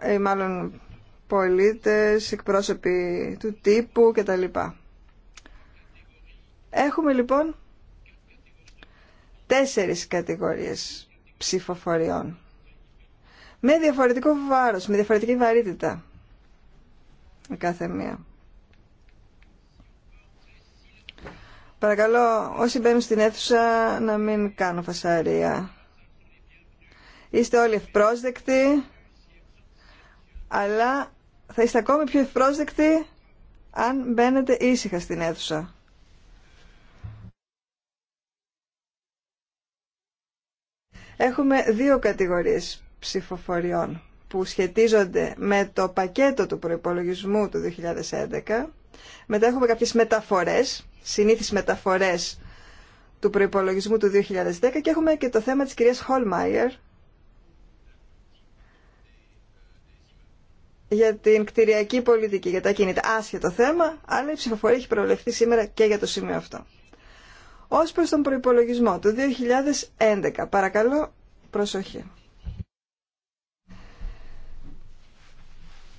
ή ε, μάλλον πολίτες, εκπρόσωποι του τύπου κτλ. Έχουμε λοιπόν τέσσερις κατηγορίες ψηφοφοριών με διαφορετικό βάρος, με διαφορετική βαρύτητα η κάθε μία. Παρακαλώ όσοι μπαίνουν στην αίθουσα να μην κάνω φασαρία. Είστε όλοι ευπρόσδεκτοι αλλά θα είστε ακόμη πιο ευπρόσδεκτοι αν μπαίνετε ήσυχα στην αίθουσα. Έχουμε δύο κατηγορίες ψηφοφοριών που σχετίζονται με το πακέτο του προϋπολογισμού του 2011. Μετά έχουμε κάποιες μεταφορές, συνήθεις μεταφορές του προϋπολογισμού του 2010 και έχουμε και το θέμα της κυρίας Χολμάιερ για την κτηριακή πολιτική, για τα κινητά. Άσχετο θέμα, αλλά η ψηφοφορία έχει προβλεφθεί σήμερα και για το σημείο αυτό. Ως προς τον προϋπολογισμό του 2011, παρακαλώ προσοχή.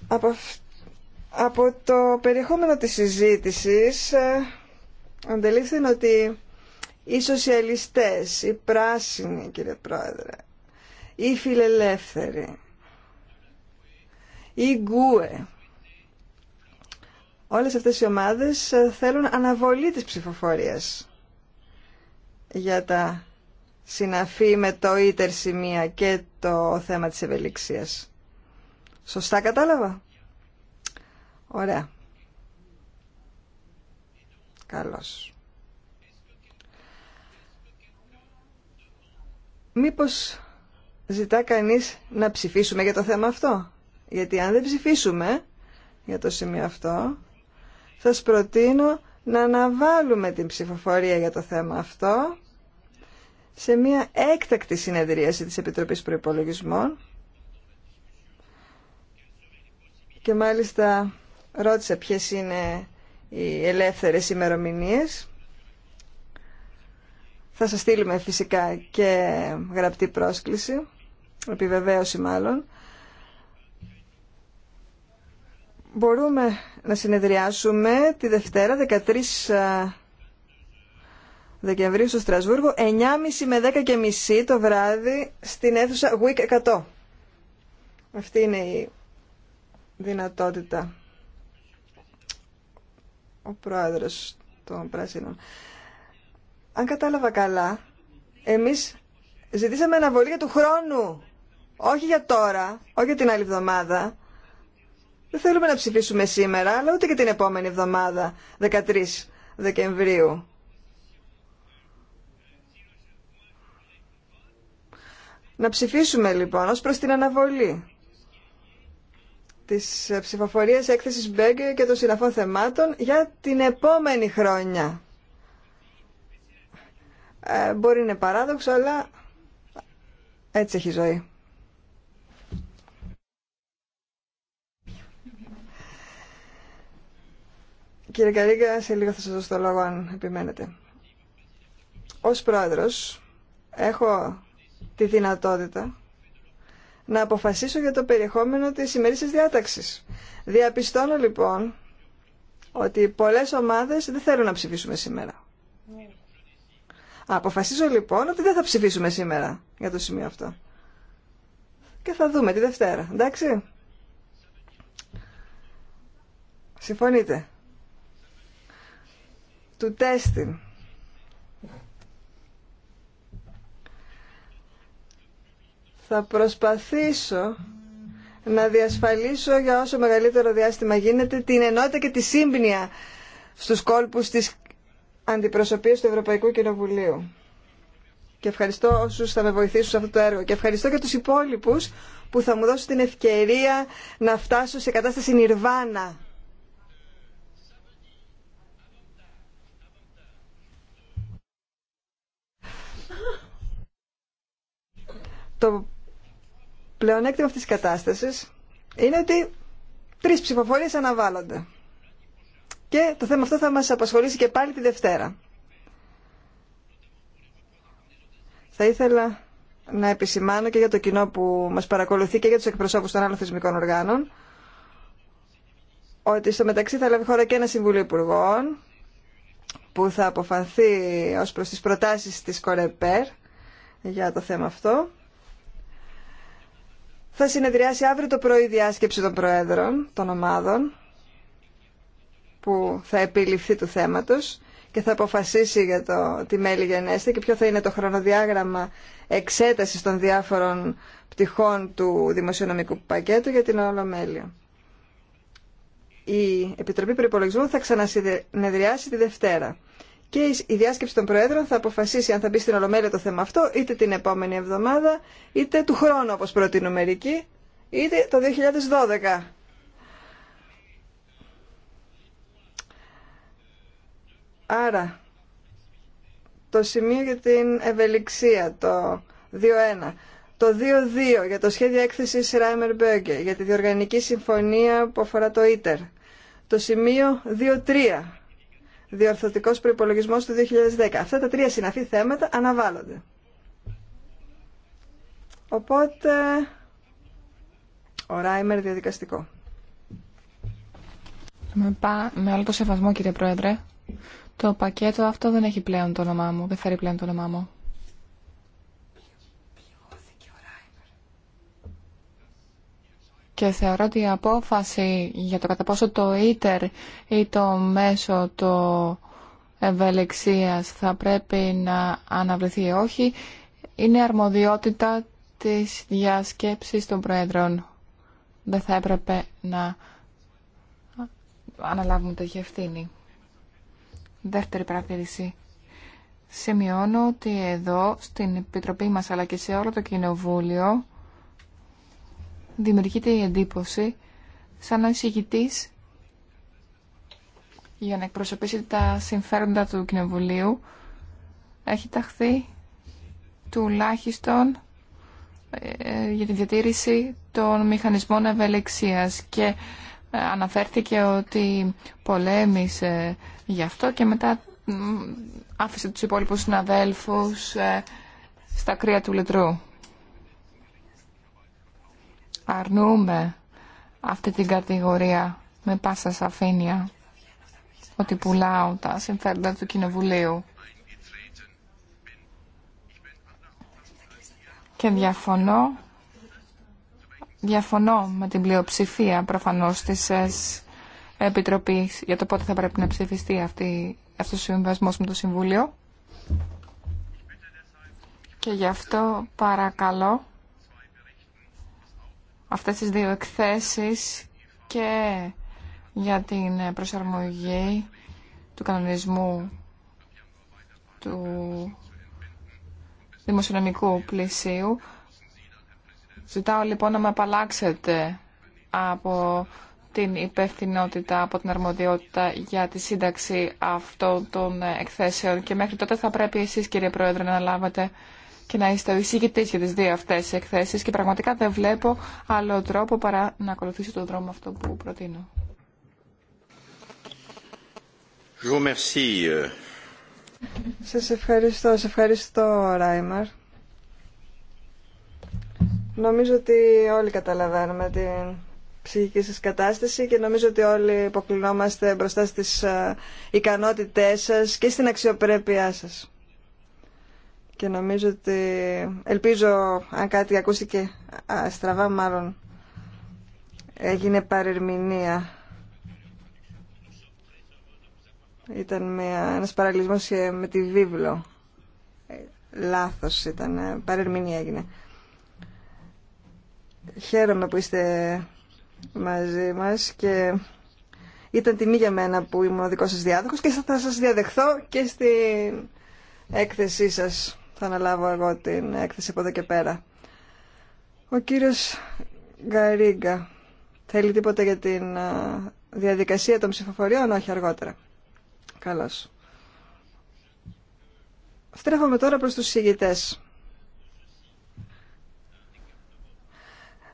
Από, από το περιεχόμενο της συζήτησης ε, αντελήφθη ότι οι σοσιαλιστές, οι πράσινοι κύριε Πρόεδρε, οι φιλελεύθεροι ή γκούε. Όλες αυτές οι ομάδες ε, θέλουν αναβολή της ψηφοφορίας για τα συναφή με το ίτερ σημεία και το θέμα της ευελιξίας. Σωστά κατάλαβα. Ωραία. Καλώς. Μήπως ζητά κανείς να ψηφίσουμε για το θέμα αυτό. Γιατί αν δεν ψηφίσουμε για το σημείο αυτό, σας προτείνω να αναβάλουμε την ψηφοφορία για το θέμα αυτό σε μια έκτακτη συνεδρίαση της Επιτροπής Προϋπολογισμών και μάλιστα ρώτησα ποιες είναι οι ελεύθερες ημερομηνίε. Θα σας στείλουμε φυσικά και γραπτή πρόσκληση, επιβεβαίωση μάλλον. μπορούμε να συνεδριάσουμε τη Δευτέρα 13 ε, Δεκεμβρίου στο Στρασβούργο 9.30 με 10.30 το βράδυ στην αίθουσα WIC 100. Αυτή είναι η δυνατότητα ο πρόεδρος των Πρασίνων. Αν κατάλαβα καλά, εμείς ζητήσαμε αναβολή για του χρόνου, όχι για τώρα, όχι για την άλλη εβδομάδα δεν θέλουμε να ψηφίσουμε σήμερα, αλλά ούτε και την επόμενη εβδομάδα, 13 Δεκεμβρίου. Να ψηφίσουμε λοιπόν ως προς την αναβολή της ψηφοφορίας έκθεσης Μπέγκε και των συναφών θεμάτων για την επόμενη χρόνια. Ε, μπορεί να είναι παράδοξο, αλλά έτσι έχει ζωή. Κύριε Καρίγκα, σε λίγο θα σας δώσω το λόγο αν επιμένετε. Ως πρόεδρος έχω τη δυνατότητα να αποφασίσω για το περιεχόμενο της σημερινής διάταξης. Διαπιστώνω λοιπόν ότι πολλές ομάδες δεν θέλουν να ψηφίσουμε σήμερα. Αποφασίζω λοιπόν ότι δεν θα ψηφίσουμε σήμερα για το σημείο αυτό. Και θα δούμε τη Δευτέρα, εντάξει. Συμφωνείτε του τέστην. Θα προσπαθήσω να διασφαλίσω για όσο μεγαλύτερο διάστημα γίνεται την ενότητα και τη σύμπνοια στους κόλπους της αντιπροσωπείας του Ευρωπαϊκού Κοινοβουλίου. Και ευχαριστώ όσους θα με βοηθήσουν σε αυτό το έργο. Και ευχαριστώ και τους υπόλοιπους που θα μου δώσουν την ευκαιρία να φτάσω σε κατάσταση νιρβάνα Το πλεονέκτημα αυτής της κατάστασης είναι ότι τρεις ψηφοφορίες αναβάλλονται. Και το θέμα αυτό θα μας απασχολήσει και πάλι τη Δευτέρα. Θα ήθελα να επισημάνω και για το κοινό που μας παρακολουθεί και για τους εκπροσώπους των άλλων θεσμικών οργάνων ότι στο μεταξύ θα λάβει χώρα και ένα Συμβουλίο Υπουργών που θα αποφανθεί ως προς τις προτάσεις της ΚΟΡΕΠΕΡ για το θέμα αυτό θα συνεδριάσει αύριο το πρωί η διάσκεψη των Προέδρων των ομάδων που θα επιληφθεί του θέματος και θα αποφασίσει για το τι μέλη γενέστε και ποιο θα είναι το χρονοδιάγραμμα εξέτασης των διάφορων πτυχών του δημοσιονομικού πακέτου για την Ολομέλεια. Η Επιτροπή Προπολογισμού θα ξανασυνεδριάσει τη Δευτέρα και η διάσκεψη των Προέδρων θα αποφασίσει αν θα μπει στην Ολομέλεια το θέμα αυτό, είτε την επόμενη εβδομάδα, είτε του χρόνου όπως προτείνουν μερικοί, είτε το 2012. Άρα, το σημείο για την ευελιξία, το 2-1. Το 2-2 για το σχέδιο έκθεσης Ράιμερ Μπέγκε, για τη διοργανική συμφωνία που αφορά το ΙΤΕΡ. Το σημείο 2-3 διορθωτικό προπολογισμό του 2010. Αυτά τα τρία συναφή θέματα αναβάλλονται. Οπότε, ο Ράιμερ διαδικαστικό. Με, πά, με όλο το σεβασμό κύριε Πρόεδρε, το πακέτο αυτό δεν έχει πλέον το όνομά μου, δεν φέρει πλέον το όνομά μου. και θεωρώ ότι η απόφαση για το κατά πόσο το ίτερ ή το μέσο το ευελιξίας θα πρέπει να αναβληθεί όχι είναι αρμοδιότητα της διασκέψης των Προέδρων. Δεν θα έπρεπε να αναλάβουμε τέτοια ευθύνη. Δεύτερη παρατήρηση. Σημειώνω ότι εδώ στην Επιτροπή μας αλλά και σε όλο το Κοινοβούλιο δημιουργείται η εντύπωση σαν ο για να εκπροσωπήσει τα συμφέροντα του Κοινοβουλίου έχει ταχθεί τουλάχιστον ε, για τη διατήρηση των μηχανισμών ευελεξίας και ε, αναφέρθηκε ότι πολέμησε γι' αυτό και μετά άφησε τους υπόλοιπους συναδέλφους ε, στα κρύα του λετρού αρνούμε αυτή την κατηγορία με πάσα σαφήνεια ότι πουλάω τα συμφέροντα του Κοινοβουλίου. Και διαφωνώ, με την πλειοψηφία προφανώς της ε, Επιτροπής για το πότε θα πρέπει να ψηφιστεί αυτή, αυτός ο συμβασμός με το Συμβούλιο. Και γι' αυτό παρακαλώ αυτές τις δύο εκθέσεις και για την προσαρμογή του κανονισμού του δημοσιονομικού πλησίου. Ζητάω λοιπόν να με απαλλάξετε από την υπευθυνότητα, από την αρμοδιότητα για τη σύνταξη αυτών των εκθέσεων και μέχρι τότε θα πρέπει εσείς κύριε Πρόεδρε να λάβετε και να είστε ο εισηγητής για τις δύο αυτές εκθέσεις και πραγματικά δεν βλέπω άλλο τρόπο παρά να ακολουθήσω τον δρόμο αυτό που προτείνω. Euh. Σας ευχαριστώ. Σας ευχαριστώ, Ράιμαρ. Νομίζω ότι όλοι καταλαβαίνουμε την ψυχική σας κατάσταση και νομίζω ότι όλοι υποκλεινόμαστε μπροστά στις ε, ικανότητές σας και στην αξιοπρέπειά σας και νομίζω ότι ελπίζω αν κάτι ακούστηκε στραβά μάλλον έγινε παρερμηνία ήταν με ένας παραλυσμός ε, με τη βίβλο ε, λάθος ήταν ε, παρερμηνία έγινε χαίρομαι που είστε μαζί μας και ήταν τιμή για μένα που ήμουν ο δικός σας διάδοχος και θα σας διαδεχθώ και στην έκθεσή σας θα αναλάβω εγώ την έκθεση από εδώ και πέρα. Ο κύριος Γκαρίγκα θέλει τίποτα για την διαδικασία των ψηφοφοριών, όχι αργότερα. Καλώς. Στρέφομαι τώρα προς τους συγγητές.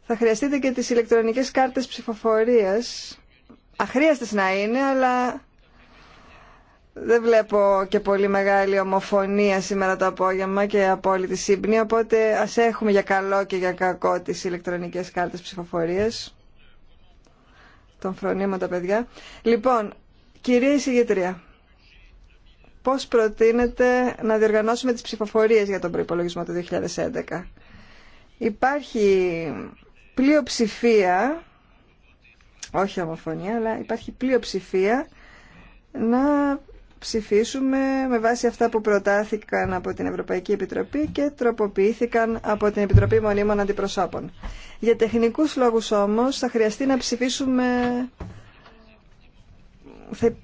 Θα χρειαστείτε και τις ηλεκτρονικές κάρτες ψηφοφορίας. Αχρίαστες να είναι, αλλά δεν βλέπω και πολύ μεγάλη ομοφωνία σήμερα το απόγευμα και απόλυτη σύμπνοια, οπότε ας έχουμε για καλό και για κακό τις ηλεκτρονικές κάρτες ψηφοφορίας. Τον φρονίμα τα παιδιά. Λοιπόν, κυρία εισηγητρία, πώς προτείνετε να διοργανώσουμε τις ψηφοφορίες για τον προϋπολογισμό του 2011. Υπάρχει πλειοψηφία, όχι ομοφωνία, αλλά υπάρχει πλειοψηφία να ψηφίσουμε με βάση αυτά που προτάθηκαν από την Ευρωπαϊκή Επιτροπή και τροποποιήθηκαν από την Επιτροπή Μονίμων Αντιπροσώπων. Για τεχνικούς λόγους όμως θα χρειαστεί να ψηφίσουμε...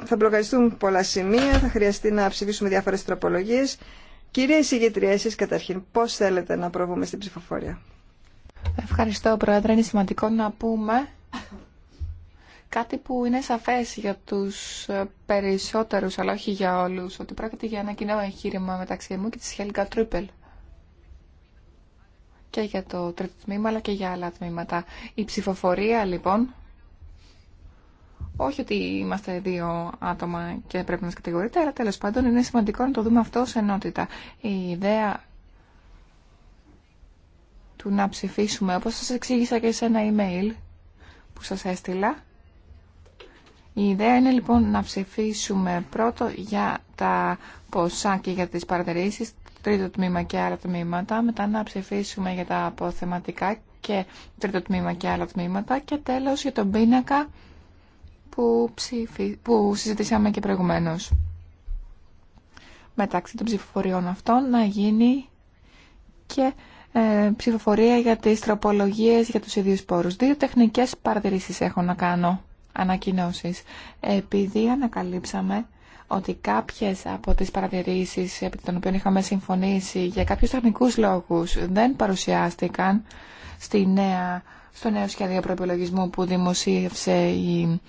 Θα μπλοκαριστούν πολλά σημεία, θα χρειαστεί να ψηφίσουμε διάφορες τροπολογίες. Κυρία εισηγητρία, εσείς καταρχήν πώς θέλετε να προβούμε στην ψηφοφορία. Ευχαριστώ Πρόεδρε. Είναι σημαντικό να πούμε κάτι που είναι σαφές για τους ε, περισσότερους, αλλά όχι για όλους, ότι πρόκειται για ένα κοινό εγχείρημα μεταξύ μου και της Χέλγκα Τρούπελ. Και για το τρίτο τμήμα, αλλά και για άλλα τμήματα. Η ψηφοφορία, λοιπόν, όχι ότι είμαστε δύο άτομα και πρέπει να μας κατηγορείτε, αλλά τέλος πάντων είναι σημαντικό να το δούμε αυτό σε ενότητα. Η ιδέα του να ψηφίσουμε, όπως σας εξήγησα και σε ένα email που σας έστειλα, η ιδέα είναι λοιπόν να ψηφίσουμε πρώτο για τα ποσά και για τις παρατηρήσεις, τρίτο τμήμα και άλλα τμήματα, μετά να ψηφίσουμε για τα αποθεματικά και τρίτο τμήμα και άλλα τμήματα και τέλος για τον πίνακα που, ψηφι... που συζητήσαμε και προηγουμένως. Μεταξύ των ψηφοφοριών αυτών να γίνει και ε, ψηφοφορία για τις τροπολογίες για τους ίδιους πόρους. Δύο τεχνικές παρατηρήσεις έχω να κάνω ανακοινώσεις. Επειδή ανακαλύψαμε ότι κάποιες από τις παρατηρήσεις επί των οποίων είχαμε συμφωνήσει για κάποιους τεχνικούς λόγους δεν παρουσιάστηκαν στη νέα, στο νέο σχέδιο προπολογισμού που δημοσίευσε η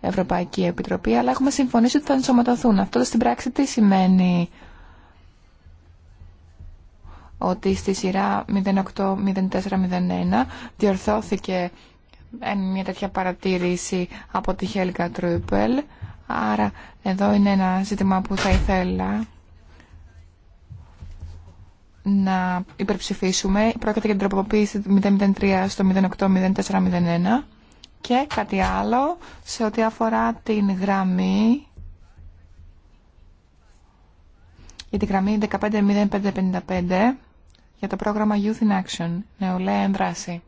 Ευρωπαϊκή Επιτροπή, αλλά έχουμε συμφωνήσει ότι θα ενσωματωθούν. Αυτό στην πράξη τι σημαίνει ότι στη σειρά διορθώθηκε μια τέτοια παρατήρηση από τη Χέλικα Τρούπελ. Άρα εδώ είναι ένα ζήτημα που θα ήθελα να υπερψηφίσουμε. Πρόκειται για την τροποποίηση 003 στο 080401 και κάτι άλλο σε ό,τι αφορά την γραμμή για την γραμμή 150555 για το πρόγραμμα Youth in Action, νεολαία ενδράση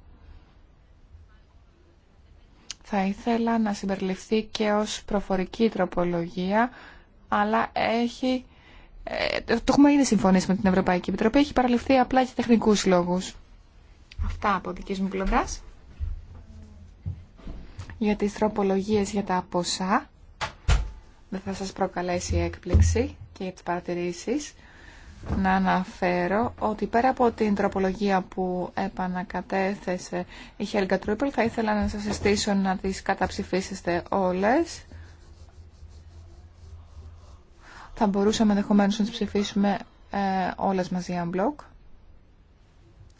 θα ήθελα να συμπεριληφθεί και ως προφορική τροπολογία, αλλά έχει, ε, το έχουμε ήδη συμφωνήσει με την Ευρωπαϊκή Επιτροπή, έχει παραληφθεί απλά για τεχνικούς λόγους. Αυτά από δική μου πλευρά. Για τις τροπολογίες για τα ποσά, δεν θα σας προκαλέσει έκπληξη και για τις να αναφέρω ότι πέρα από την τροπολογία που επανακατέθεσε η Χέλγκα Τρούπελ, θα ήθελα να σας συστήσω να τις καταψηφίσετε όλες. Θα μπορούσαμε ενδεχομένω να τις ψηφίσουμε ε, όλες μαζί αν μπλοκ.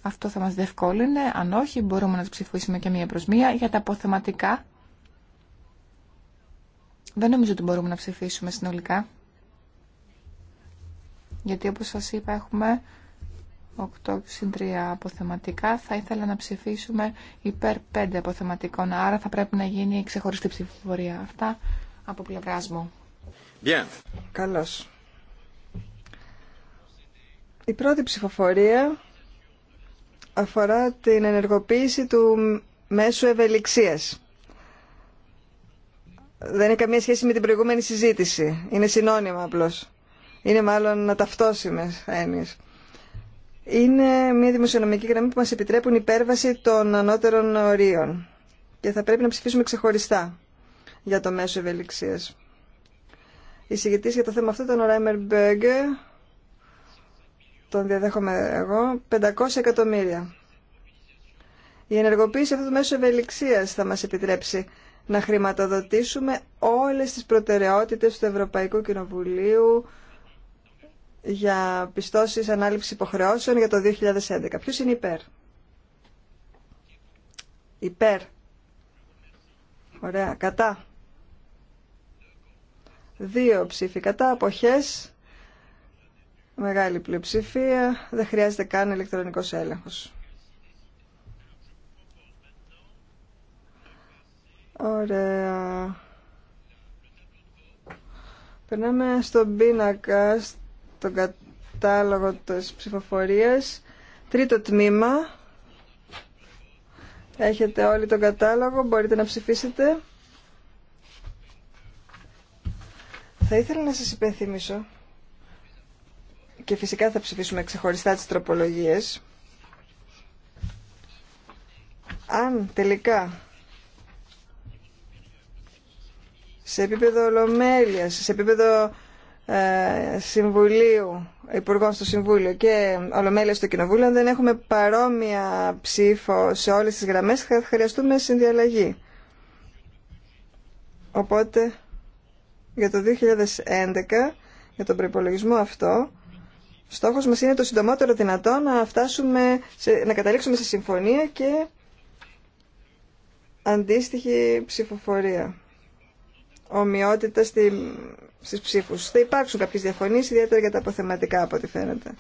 Αυτό θα μας διευκόλυνε. Αν όχι, μπορούμε να τις ψηφίσουμε και μία προς μία. Για τα αποθεματικά, δεν νομίζω ότι μπορούμε να ψηφίσουμε συνολικά γιατί όπως σας είπα έχουμε 8 συν 3 αποθεματικά. Θα ήθελα να ψηφίσουμε υπέρ 5 αποθεματικών, άρα θα πρέπει να γίνει ξεχωριστή ψηφοφορία. Αυτά από πλευρά μου. Bien. Καλώς. Η πρώτη ψηφοφορία αφορά την ενεργοποίηση του μέσου ευελιξίας. Δεν έχει καμία σχέση με την προηγούμενη συζήτηση. Είναι συνώνυμα απλώς είναι μάλλον ταυτόσιμε έννοιε. Είναι μια δημοσιονομική γραμμή που μα επιτρέπουν υπέρβαση των ανώτερων ορίων και θα πρέπει να ψηφίσουμε ξεχωριστά για το μέσο ευελιξία. Η συγκεκριτή για το θέμα αυτό ήταν ο Ράιμερ Μπέγκε, τον διαδέχομαι εγώ, 500 εκατομμύρια. Η ενεργοποίηση αυτού του μέσου ευελιξία θα μα επιτρέψει να χρηματοδοτήσουμε όλες τις προτεραιότητες του Ευρωπαϊκού Κοινοβουλίου για πιστώσεις ανάληψη υποχρεώσεων για το 2011. Ποιος είναι υπέρ? Υπέρ. Ωραία. Κατά. Δύο ψήφοι κατά. Αποχές. Μεγάλη πλειοψηφία. Δεν χρειάζεται καν ηλεκτρονικός έλεγχος. Ωραία. Περνάμε στον πίνακα, τον κατάλογο της ψηφοφορίας. Τρίτο τμήμα. Έχετε όλοι τον κατάλογο, μπορείτε να ψηφίσετε. Θα ήθελα να σας υπενθυμίσω και φυσικά θα ψηφίσουμε ξεχωριστά τις τροπολογίες. Αν τελικά σε επίπεδο ολομέλειας, σε επίπεδο ε, Συμβουλίου, Υπουργών στο Συμβούλιο και Ολομέλεια στο Κοινοβούλιο, αν δεν έχουμε παρόμοια ψήφο σε όλες τις γραμμές, θα χρειαστούμε συνδιαλλαγή. Οπότε, για το 2011, για τον προπολογισμό αυτό, στόχος μας είναι το συντομότερο δυνατό να, φτάσουμε να καταλήξουμε σε συμφωνία και αντίστοιχη ψηφοφορία. Ομοιότητα στη στις ψήφους. Θα υπάρξουν κάποιες διαφωνίες, ιδιαίτερα για τα αποθεματικά από ό,τι φαίνεται.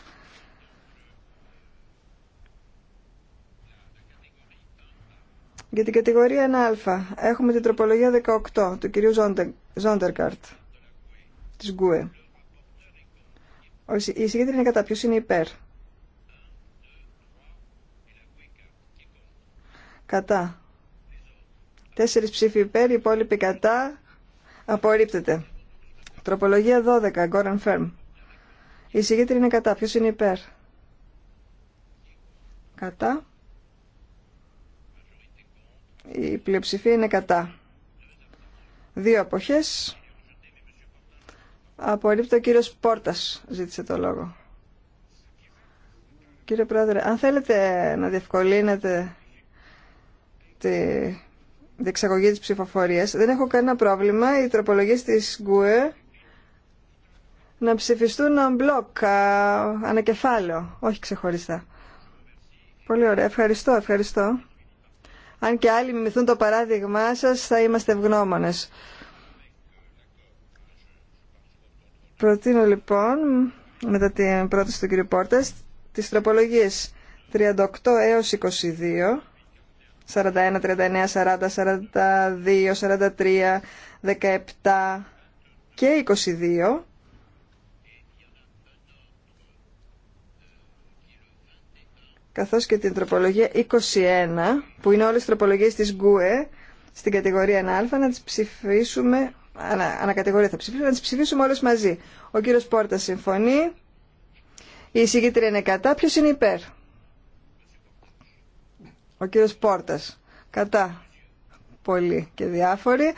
Για την κατηγορία 1α έχουμε την τροπολογία 18 του κυρίου Ζόντερκαρτ της Γκουε. Η συγκέντρια είναι κατά ποιος είναι υπέρ. Κατά. Τέσσερις ψήφοι υπέρ, οι υπόλοιποι κατά. Απορρίπτεται. Τροπολογία 12, Goran Firm. Η συγκέντρη είναι κατά. Ποιος είναι υπέρ. Κατά. Η πλειοψηφία είναι κατά. Δύο αποχές. Απορρίπτω ο κύριος Πόρτας ζήτησε το λόγο. Κύριε Πρόεδρε, αν θέλετε να διευκολύνετε τη διεξαγωγή της ψηφοφορίας, δεν έχω κανένα πρόβλημα. Οι τροπολογίες της ΓΚΟΕ να ψηφιστούν μπλοκ, ανακεφάλαιο, όχι ξεχωριστά. Πολύ ωραία. Ευχαριστώ, ευχαριστώ. Αν και άλλοι μιμηθούν το παράδειγμά σας, θα είμαστε ευγνώμονες. Προτείνω λοιπόν, μετά την πρόταση του κ. Πόρτας, τις τροπολογίες 38 έως 22, 41, 39, 40, 42, 43, 17 και 22 καθώς και την τροπολογία 21, που είναι όλες οι τροπολογίες της ΓΚΟΕ, στην κατηγορία 1α, να τις ψηφίσουμε, ανα, ανακατηγορία θα ψηφίσουμε, να τις ψηφίσουμε όλες μαζί. Ο κύριος Πόρτα συμφωνεί, η εισηγήτρια είναι κατά, ποιος είναι υπέρ. Ο κύριος Πόρτας, κατά. Πολύ και διάφοροι.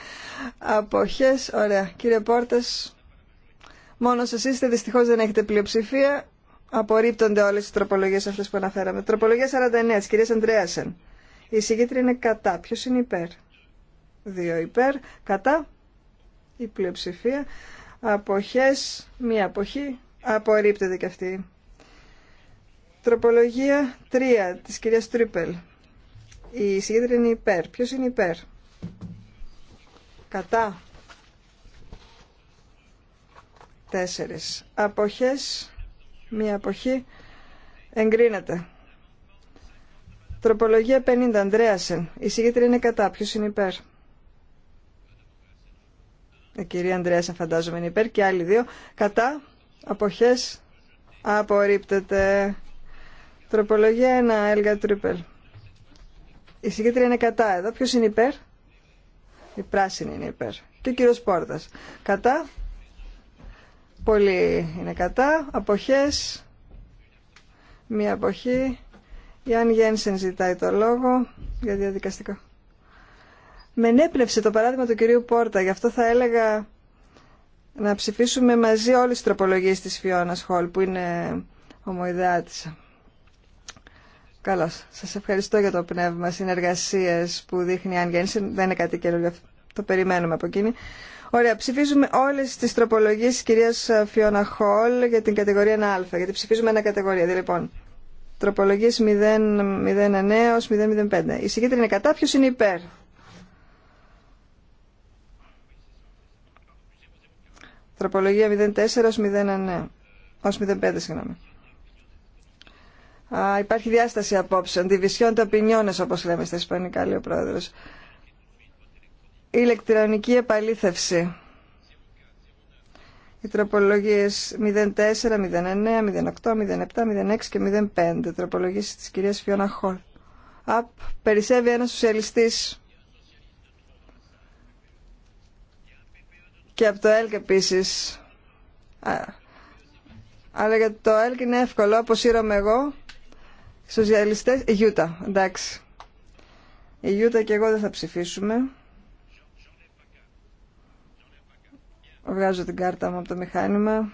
Αποχές, ωραία. Κύριε Πόρτας, Μόνο εσείς είστε, δυστυχώς δεν έχετε πλειοψηφία. Απορρίπτονται όλες οι τροπολογίες αυτές που αναφέραμε. Τροπολογία 49 τη κυρία Αντρέασεν. Η συγκίτρια είναι κατά. Ποιο είναι υπέρ. Δύο υπέρ. Κατά. Η πλειοψηφία. Αποχές. Μία αποχή. Απορρίπτεται και αυτή. Τροπολογία 3 της κυρίας Τρίπελ. Η συγκίτρια είναι υπέρ. Ποιος είναι υπέρ. Κατά. Τέσσερις. Αποχές μία αποχή, εγκρίνεται. Τροπολογία 50, Ανδρέασεν. Η συγκέντρη είναι κατά. Ποιο είναι υπέρ. Η κυρία Ανδρέασεν φαντάζομαι είναι υπέρ και άλλοι δύο. Κατά, αποχές, απορρίπτεται. Τροπολογία 1, Έλγα Τρίπελ. Η συγκέντρη είναι κατά. Εδώ ποιο είναι υπέρ. Η πράσινη είναι υπέρ. Και ο κύριος Πόρτας. Κατά, πολύ είναι κατά. Αποχές. Μία αποχή. Η Αν Γένσεν ζητάει το λόγο για διαδικαστικό. Με ενέπνευσε το παράδειγμα του κυρίου Πόρτα. Γι' αυτό θα έλεγα να ψηφίσουμε μαζί όλες τις τροπολογίες της Φιώνας Χολ που είναι ομοειδεάτησα. Καλώς. Σας ευχαριστώ για το πνεύμα συνεργασίες που δείχνει η Αν Γένσεν. Δεν είναι κάτι καινούργιο. Το περιμένουμε από εκείνη. Ωραία, ψηφίζουμε όλε τι τροπολογίε τη κυρία Φιώνα Χολ για την κατηγορία 1α, γιατί ψηφίζουμε ένα κατηγορία. Δηλαδή, λοιπόν, τροπολογιε 009 ως 005. Η συγκέντρη είναι κατά, ποιο είναι υπέρ. Τροπολογία 04 ως 09, 05, συγγνώμη. υπάρχει διάσταση απόψεων, διβυσιών ταπεινιώνες όπω λέμε στα ισπανικά, λέει ο πρόεδρο ηλεκτρονική επαλήθευση. Οι τροπολογίε 04, 09, 08, 07, 06 και 05. Τροπολογίε τη κυρία Φιώνα Χολ. Απ, περισσεύει ένας σοσιαλιστή. Και από το ΕΛΚ επίση. αλλά για το ΕΛΚ είναι εύκολο, όπως ήρωμαι εγώ. Σοσιαλιστέ. η Γιούτα, εντάξει. Η Γιούτα και εγώ δεν θα ψηφίσουμε. Βγάζω την κάρτα μου από το μηχάνημα.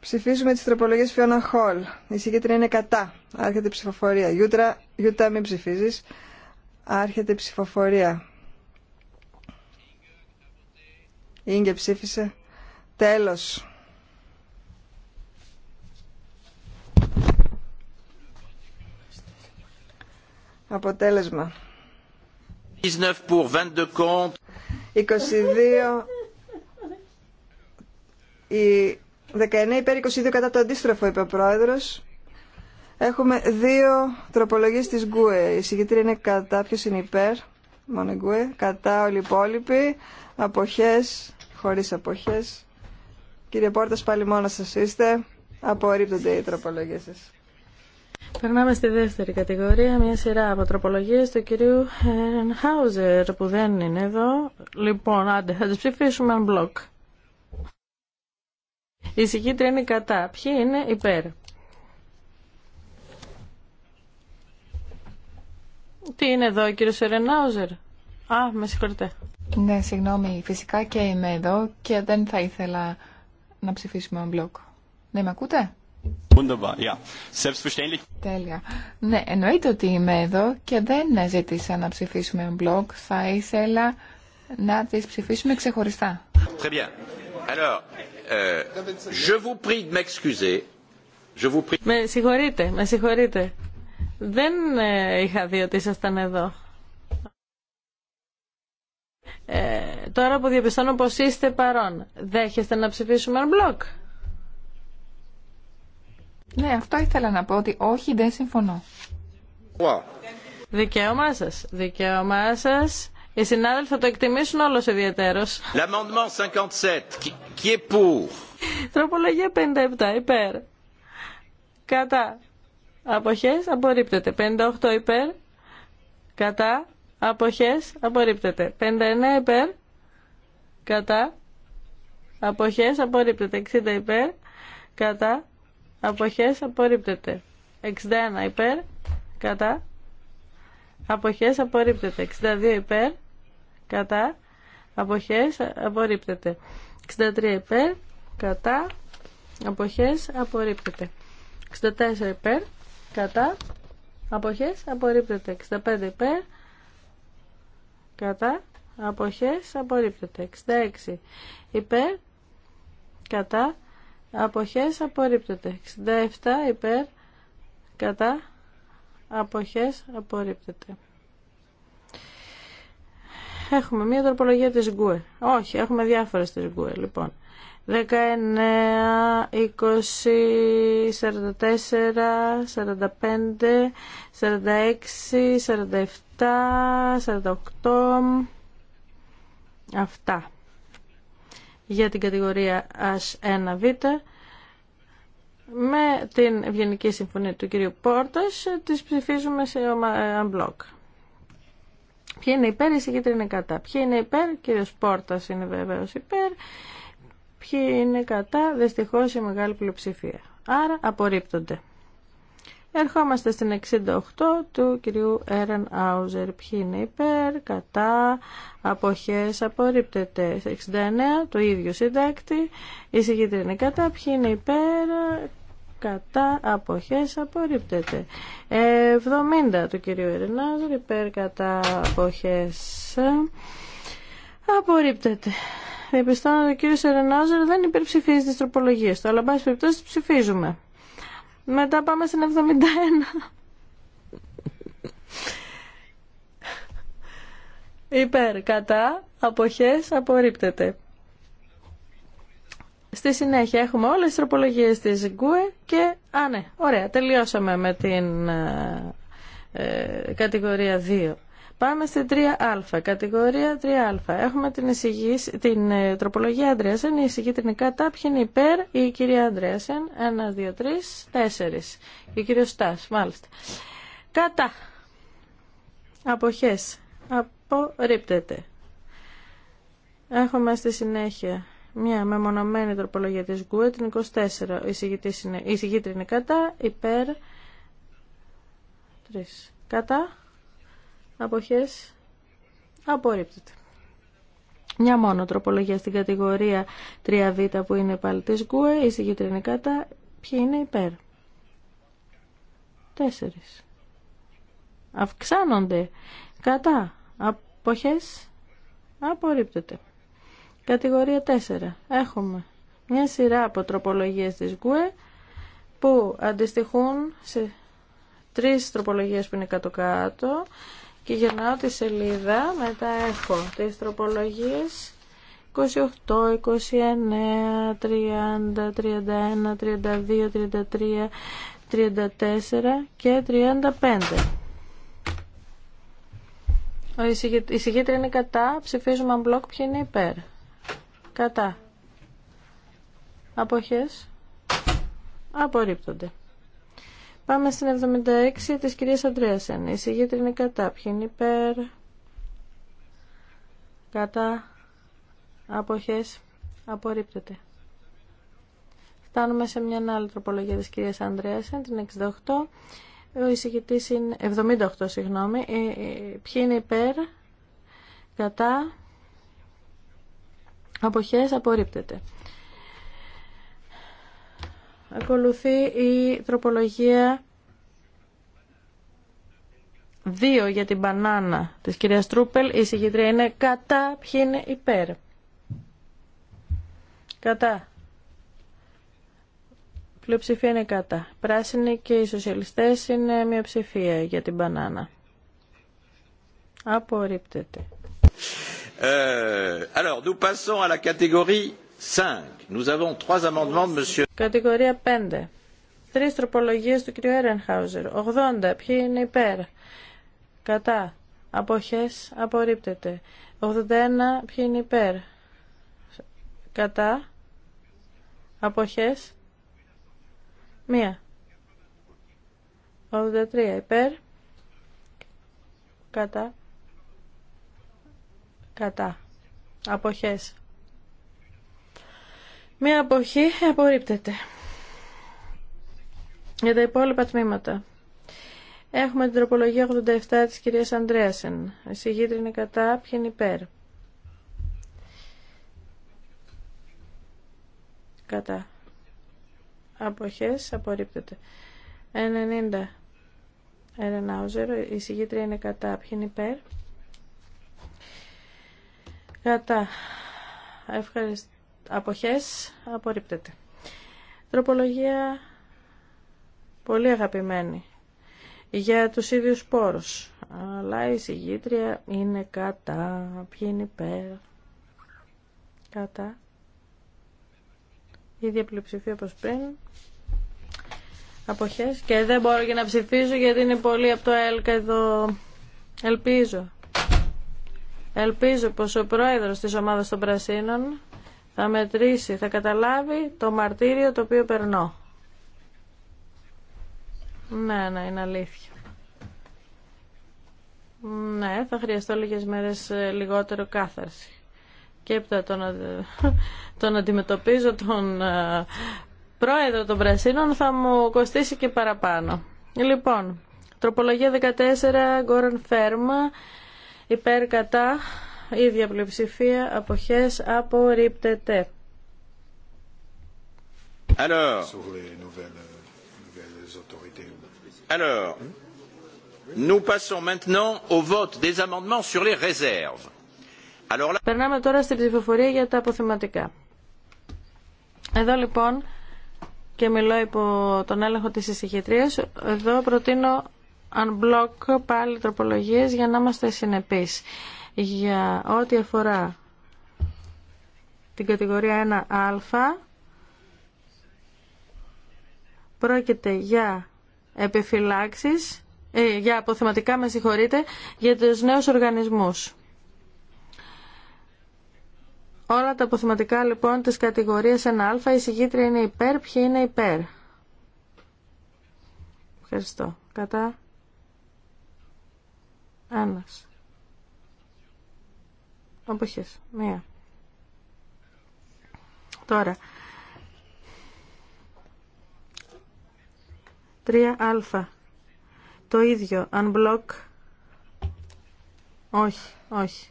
Ψηφίζουμε τις τροπολογίες Φιώνα Χολ. Η συγκέντρια είναι κατά. Άρχεται η ψηφοφορία. Γιούτρα, Γιούτα μην ψηφίζεις. Άρχεται η ψηφοφορία. Ίγκε ψήφισε. Τέλος. Αποτέλεσμα. 19 pour 22 contre. 22 η 19 υπέρ 22 κατά το αντίστροφο είπε ο πρόεδρος έχουμε δύο τροπολογίες της ΓΚΟΕ η συγκεκριμένη είναι κατά ποιος είναι υπέρ μόνο ΓΚΟΕ κατά όλοι οι υπόλοιποι αποχές χωρίς αποχές κύριε Πόρτας πάλι μόνο σας είστε απορρίπτονται οι τροπολογίες σας Περνάμε στη δεύτερη κατηγορία, μια σειρά από τροπολογίε του κυρίου Χάουζερ που δεν είναι εδώ. Λοιπόν, άντε, θα τι ψηφίσουμε αν μπλοκ. Η συγκίτρια είναι κατά. Ποιοι είναι υπέρ. Τι είναι εδώ, ο κύριος Σερενάουζερ. Α, με συγχωρείτε. Ναι, συγγνώμη. Φυσικά και είμαι εδώ και δεν θα ήθελα να ψηφίσουμε αν μπλοκ. Ναι, με ακούτε. Τέλεια. Ναι, εννοείται ότι είμαι εδώ και δεν ζήτησα να ψηφίσουμε blog. Θα ήθελα να τις ψηφίσουμε ξεχωριστά. Με συγχωρείτε, με συγχωρείτε. Δεν ε, είχα δει ότι ήσασταν εδώ. Ε, τώρα που διαπιστώνω πως είστε παρόν, δέχεστε να ψηφίσουμε ένα ναι, αυτό ήθελα να πω ότι όχι, δεν συμφωνώ. Wow. Δικαίωμά σας. Δικαίωμά σας. Οι συνάδελφοι θα το εκτιμήσουν όλο ιδιαίτερο. L'amendement 57, qui est Τροπολογία 57, υπέρ. Κατά. Αποχές, απορρίπτεται. 58 υπέρ. Κατά. Αποχές, απορρίπτεται. 59 υπέρ. Κατά. Αποχές, απορρίπτεται. 60 υπέρ. Κατά. Αποχές απορρίπτεται. 61 υπέρ. Κατά. Αποχές απορρίπτεται. 62 υπέρ. Κατά. Αποχές απορρίπτεται. 63 υπέρ. Κατά. Αποχές απορρίπτεται. 64 υπέρ. Κατά. Αποχές απορρίπτεται. 65 υπέρ. Κατά. Αποχές απορρίπτεται. 66 υπέρ. Κατά αποχές απορρίπτεται 67 υπέρ κατά αποχές απορρίπτεται έχουμε μία τροπολογία της Γκουε όχι έχουμε διάφορες της Γκουε λοιπόν 19, 20, 44, 45, 46, 47, 48. Αυτά για την κατηγορία H1Β με την ευγενική συμφωνία του κυρίου Πόρτας τις ψηφίζουμε σε unblock. Ε, Ποιοι είναι υπέρ, η είναι κατά. Ποιοι είναι υπέρ, κύριος Πόρτας είναι βεβαίως υπέρ. Ποιοι είναι κατά, δυστυχώς η μεγάλη πλειοψηφία. Άρα απορρίπτονται. Ερχόμαστε στην 68 του κυρίου Έραν Άουζερ. Ποιοι είναι υπέρ, κατά, αποχές, απορρίπτεται. 69, το ίδιο συντάκτη. Η συγκεκριμένη είναι κατά, ποιοι είναι υπέρ, κατά, αποχές, απορρίπτεται. 70 του κυρίου Έραν Άουζερ, υπέρ, κατά, αποχές, απορρίπτεται. Επιστώνω ότι ο κύριος Έραν δεν υπερψηφίζει τις τροπολογίες του, αλλά εν πάση περιπτώσει ψηφίζουμε. Μετά πάμε στην 71. Υπέρ, κατά, αποχές, απορρίπτεται. Στη συνέχεια έχουμε όλες τις τροπολογίες της Γκουε και... Α, ναι, ωραία, τελειώσαμε με την ε, ε κατηγορία 2. Πάμε στην 3α, κατηγορία 3α. Έχουμε την, εισηγής, την ε, τροπολογία Αντρέασεν, η εισηγή την κατά, ποιοι είναι υπέρ, η κυρία Αντρέασεν, 1, 2, 3, 4. Και ο κύριος Στάς, μάλιστα. Κατά. Αποχές. Απορρίπτεται. Έχουμε στη συνέχεια μια μεμονωμένη τροπολογία της ΓΚΟΕ, την 24. Η εισηγήτρια είναι κατά, υπέρ, 3. Κατά αποχές απορρίπτεται. Μια μόνο τροπολογία στην κατηγορία 3β που είναι πάλι της ΓΚΟΕ, η συγκεκριμένη κατά, ποιοι είναι υπέρ. Τέσσερις. Αυξάνονται κατά αποχές απορρίπτεται. Κατηγορία 4. Έχουμε μια σειρά από τροπολογίες της ΓΚΟΕ που αντιστοιχούν σε τρεις τροπολογίες που είναι κάτω-κάτω και γυρνάω τη σελίδα, μετά έχω τις τροπολογίες 28, 29, 30, 31, 32, 33, 34 και 35. Ο εισηγήτρια είναι κατά, ψηφίζουμε αν μπλοκ, ποιοι είναι υπέρ. Κατά. Αποχές. Απορρίπτονται. Πάμε στην 76 της κυρίας Αντρέασεν. Η συγγήτρη είναι κατά. Ποιοι είναι υπέρ. Κατά. Αποχές. Απορρίπτεται. Φτάνουμε σε μια άλλη τροπολογία της κυρίας Αντρέασεν, την 68. Ο εισηγητής είναι 78, συγγνώμη. Ε, ε, ποιοι είναι υπέρ. Κατά. Αποχές. Απορρίπτεται. Ακολουθεί η τροπολογία 2 για την μπανάνα της κυρίας Τρούπελ. Η συγκεντρία είναι κατά, ποιοι είναι υπέρ. Κατά. Πλειοψηφία είναι κατά. Πράσινοι και οι σοσιαλιστές είναι μια ψηφία για την μπανάνα. Απορρίπτεται. Euh, alors, nous passons Κατηγορία 5. Τρεις τροπολογίες του κ. Ερενχάουζερ. 80. Ποιοι είναι υπέρ. Κατά. Αποχές. Απορρίπτεται. 81. Ποιοι είναι υπέρ. Κατά. Αποχές. Μία. 83. Υπέρ. Κατά. Κατά. Αποχές. Μία αποχή απορρίπτεται. Για τα υπόλοιπα τμήματα. Έχουμε την τροπολογία 87 της κυρίας Ανδρέασεν. Η είναι κατά, ποιον υπέρ. Κατά. Αποχές, απορρίπτεται. 90. Ερενάουζερ, η συγγήτρια είναι κατά, ποιοι είναι υπέρ. Κατά. Ευχαριστώ αποχές απορρίπτεται. Τροπολογία πολύ αγαπημένη για τους ίδιους πόρους. Αλλά η συγγήτρια είναι κατά, ποιοι είναι υπέρ, κατά. Η ίδια πλειοψηφία όπως πριν. Αποχές και δεν μπορώ και να ψηφίσω γιατί είναι πολύ από το ΕΛΚΑ εδώ. Ελπίζω. Ελπίζω πως ο πρόεδρος της ομάδας των Πρασίνων θα μετρήσει, θα καταλάβει το μαρτύριο το οποίο περνώ. Ναι, ναι, είναι αλήθεια. Ναι, θα χρειαστώ λίγες μέρες ε, λιγότερο κάθαρση. Και έπειτα τον, ε, τον αντιμετωπίζω τον ε, πρόεδρο των Πρασίνων θα μου κοστίσει και παραπάνω. Λοιπόν, τροπολογία 14, Γκόραν Φέρμα, υπέρ κατά ίδια πλειοψηφία, αποχές, απορρίπτεται. Alors, sur les nouvelles, nouvelles autorités. Alors, nous passons maintenant au vote des amendements sur les réserves. Alors là... Περνάμε τώρα στην ψηφοφορία για τα αποθεματικά. Εδώ λοιπόν, και μιλώ υπό τον έλεγχο της εισηγητρίας, εδώ προτείνω unblock πάλι τροπολογίες για να είμαστε συνεπείς για ό,τι αφορά την κατηγορία 1α πρόκειται για επιφυλάξεις, ε, για αποθεματικά με για τους νέους οργανισμούς. Όλα τα αποθεματικά λοιπόν της κατηγορίας 1α, η συγκήτρια είναι υπέρ, ποιοι είναι υπέρ. Ευχαριστώ. Κατά. Ένας μια Μία. Τώρα. 3α. Το ίδιο. Unblock. Όχι, όχι.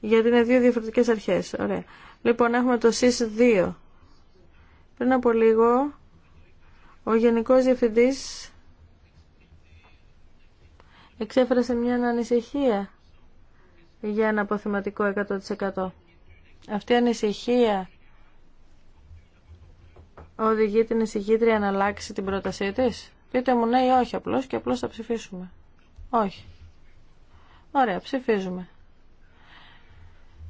Γιατί είναι δύο διαφορετικές αρχές. Ωραία. Λοιπόν, έχουμε το sis 2. Πριν από λίγο, ο Γενικός Διευθυντής εξέφρασε μια ανησυχία για ένα αποθυματικό 100%. Αυτή η ανησυχία οδηγεί την εισηγήτρια να αλλάξει την πρότασή τη Πείτε μου ναι ή όχι απλώς και απλώς θα ψηφίσουμε. Όχι. Ωραία, ψηφίζουμε.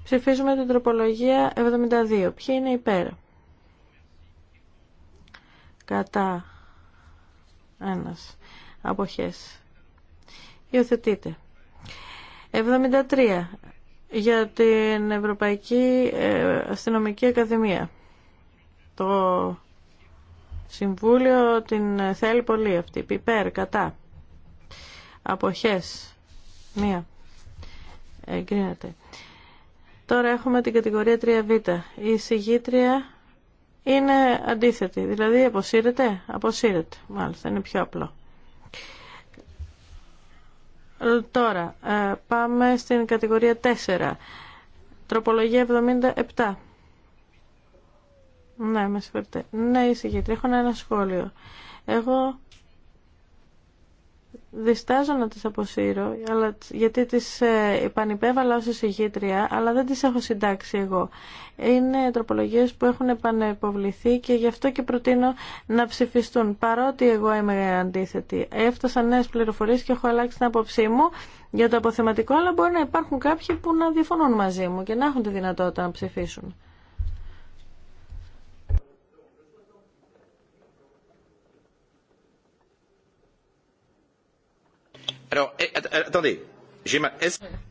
Ψηφίζουμε την τροπολογία 72. Ποια είναι υπέρ. Κατά. Ένας. Αποχές. Υιοθετείτε. 73 για την Ευρωπαϊκή ε, Αστυνομική Ακαδημία. Το Συμβούλιο την θέλει πολύ αυτή. Πιπέρ, κατά. Αποχές. Μία. Εγκρίνεται. Τώρα έχουμε την κατηγορία 3β. Η συγγήτρια είναι αντίθετη. Δηλαδή αποσύρεται. Αποσύρεται. Μάλιστα. Είναι πιο απλό. Ε, τώρα, ε, πάμε στην κατηγορία 4. Τροπολογία 77. Ναι, με συγχωρείτε. Ναι, εισηγήτρια, έχω ένα σχόλιο. Εγώ διστάζω να τις αποσύρω αλλά, γιατί τις ε, ως εισηγήτρια αλλά δεν τις έχω συντάξει εγώ. Είναι τροπολογίες που έχουν επανεποβληθεί και γι' αυτό και προτείνω να ψηφιστούν παρότι εγώ είμαι αντίθετη. Έφτασαν νέες πληροφορίες και έχω αλλάξει την άποψή μου για το αποθεματικό αλλά μπορεί να υπάρχουν κάποιοι που να διαφωνούν μαζί μου και να έχουν τη δυνατότητα να ψηφίσουν. Eh,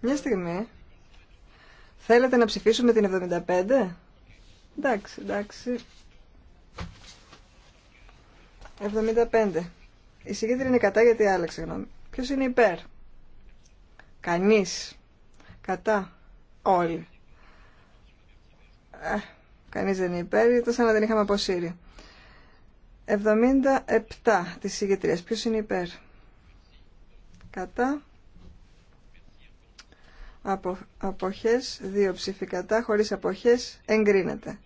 Μια στιγμή. Θέλετε να ψηφίσουμε την 75? Εντάξει, εντάξει. 75. Η συγκέντρη είναι κατά γιατί άλλαξε γνώμη. Ποιο είναι υπέρ. Κανεί. Κατά. Όλοι. Ε, Κανεί δεν είναι υπέρ, ήταν σαν να δεν είχαμε αποσύρει. 77 τη συγκεντρία. Ποιο είναι υπέρ κατά απο, αποχές, δύο ψήφοι κατά, χωρίς αποχές, εγκρίνεται.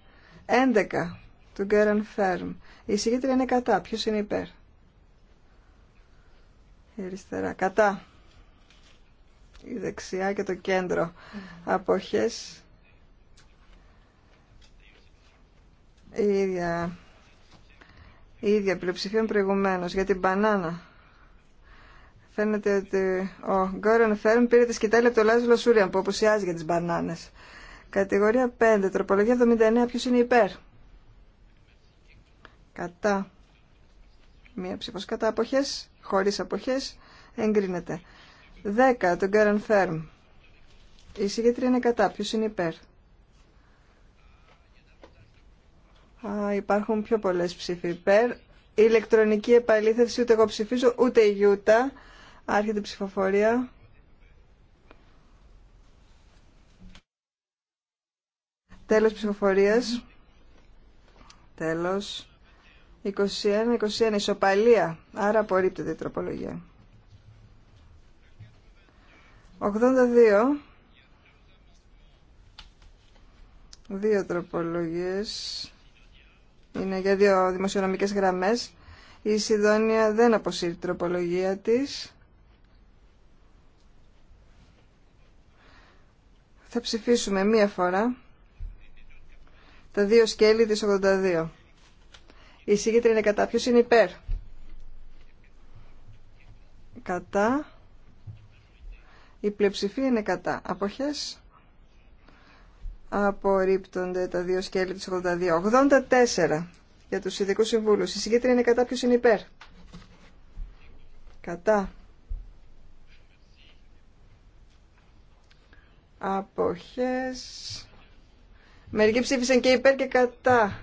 11 του Γκέραν Φέρμ. Η εισηγήτρια είναι κατά. Ποιος είναι υπέρ. Η αριστερά. Κατά. Η δεξιά και το κέντρο. Αποχές. Η ίδια, η ίδια πλειοψηφία προηγουμένως για την μπανάνα. Φαίνεται ότι ο Γκόρεν Φέρμ πήρε τη σκητάλη από το Λάζο Σούριαν που αποουσιάζει για τι μπανάνε. Κατηγορία 5. Τροπολογία 79. ποιο είναι υπέρ. Κατά. Μία ψηφο, κατά αποχέ. Χωρίς αποχέ. Εγκρίνεται. 10. Τον Γκόρεν Φέρμ. Η συγκέντρια είναι κατά. Ποιο είναι υπέρ. υπάρχουν πιο πολλέ ψήφοι υπέρ. ηλεκτρονική επαλήθευση ούτε εγώ ψηφίζω ούτε η Γιούτα. Άρχεται η ψηφοφορία. Τέλος ψηφοφορίας. Τέλος. 21-21. Ισοπαλία. Άρα απορρίπτεται η τροπολογία. 82. Δύο τροπολογίες. Είναι για δύο δημοσιονομικές γραμμές. Η Σιδόνια δεν αποσύρει τροπολογία της. θα ψηφίσουμε μία φορά τα δύο σκέλη της 82. Η σύγκριτρια είναι κατά. Ποιος είναι υπέρ. Κατά. Η πλειοψηφία είναι κατά. Αποχές. Απορρίπτονται τα δύο σκέλη της 82. 84 για τους ειδικούς συμβούλους. Η σύγκριτρια είναι κατά. Ποιος είναι υπέρ. Κατά. Αποχές. Μερικοί ψήφισαν και υπέρ και κατά.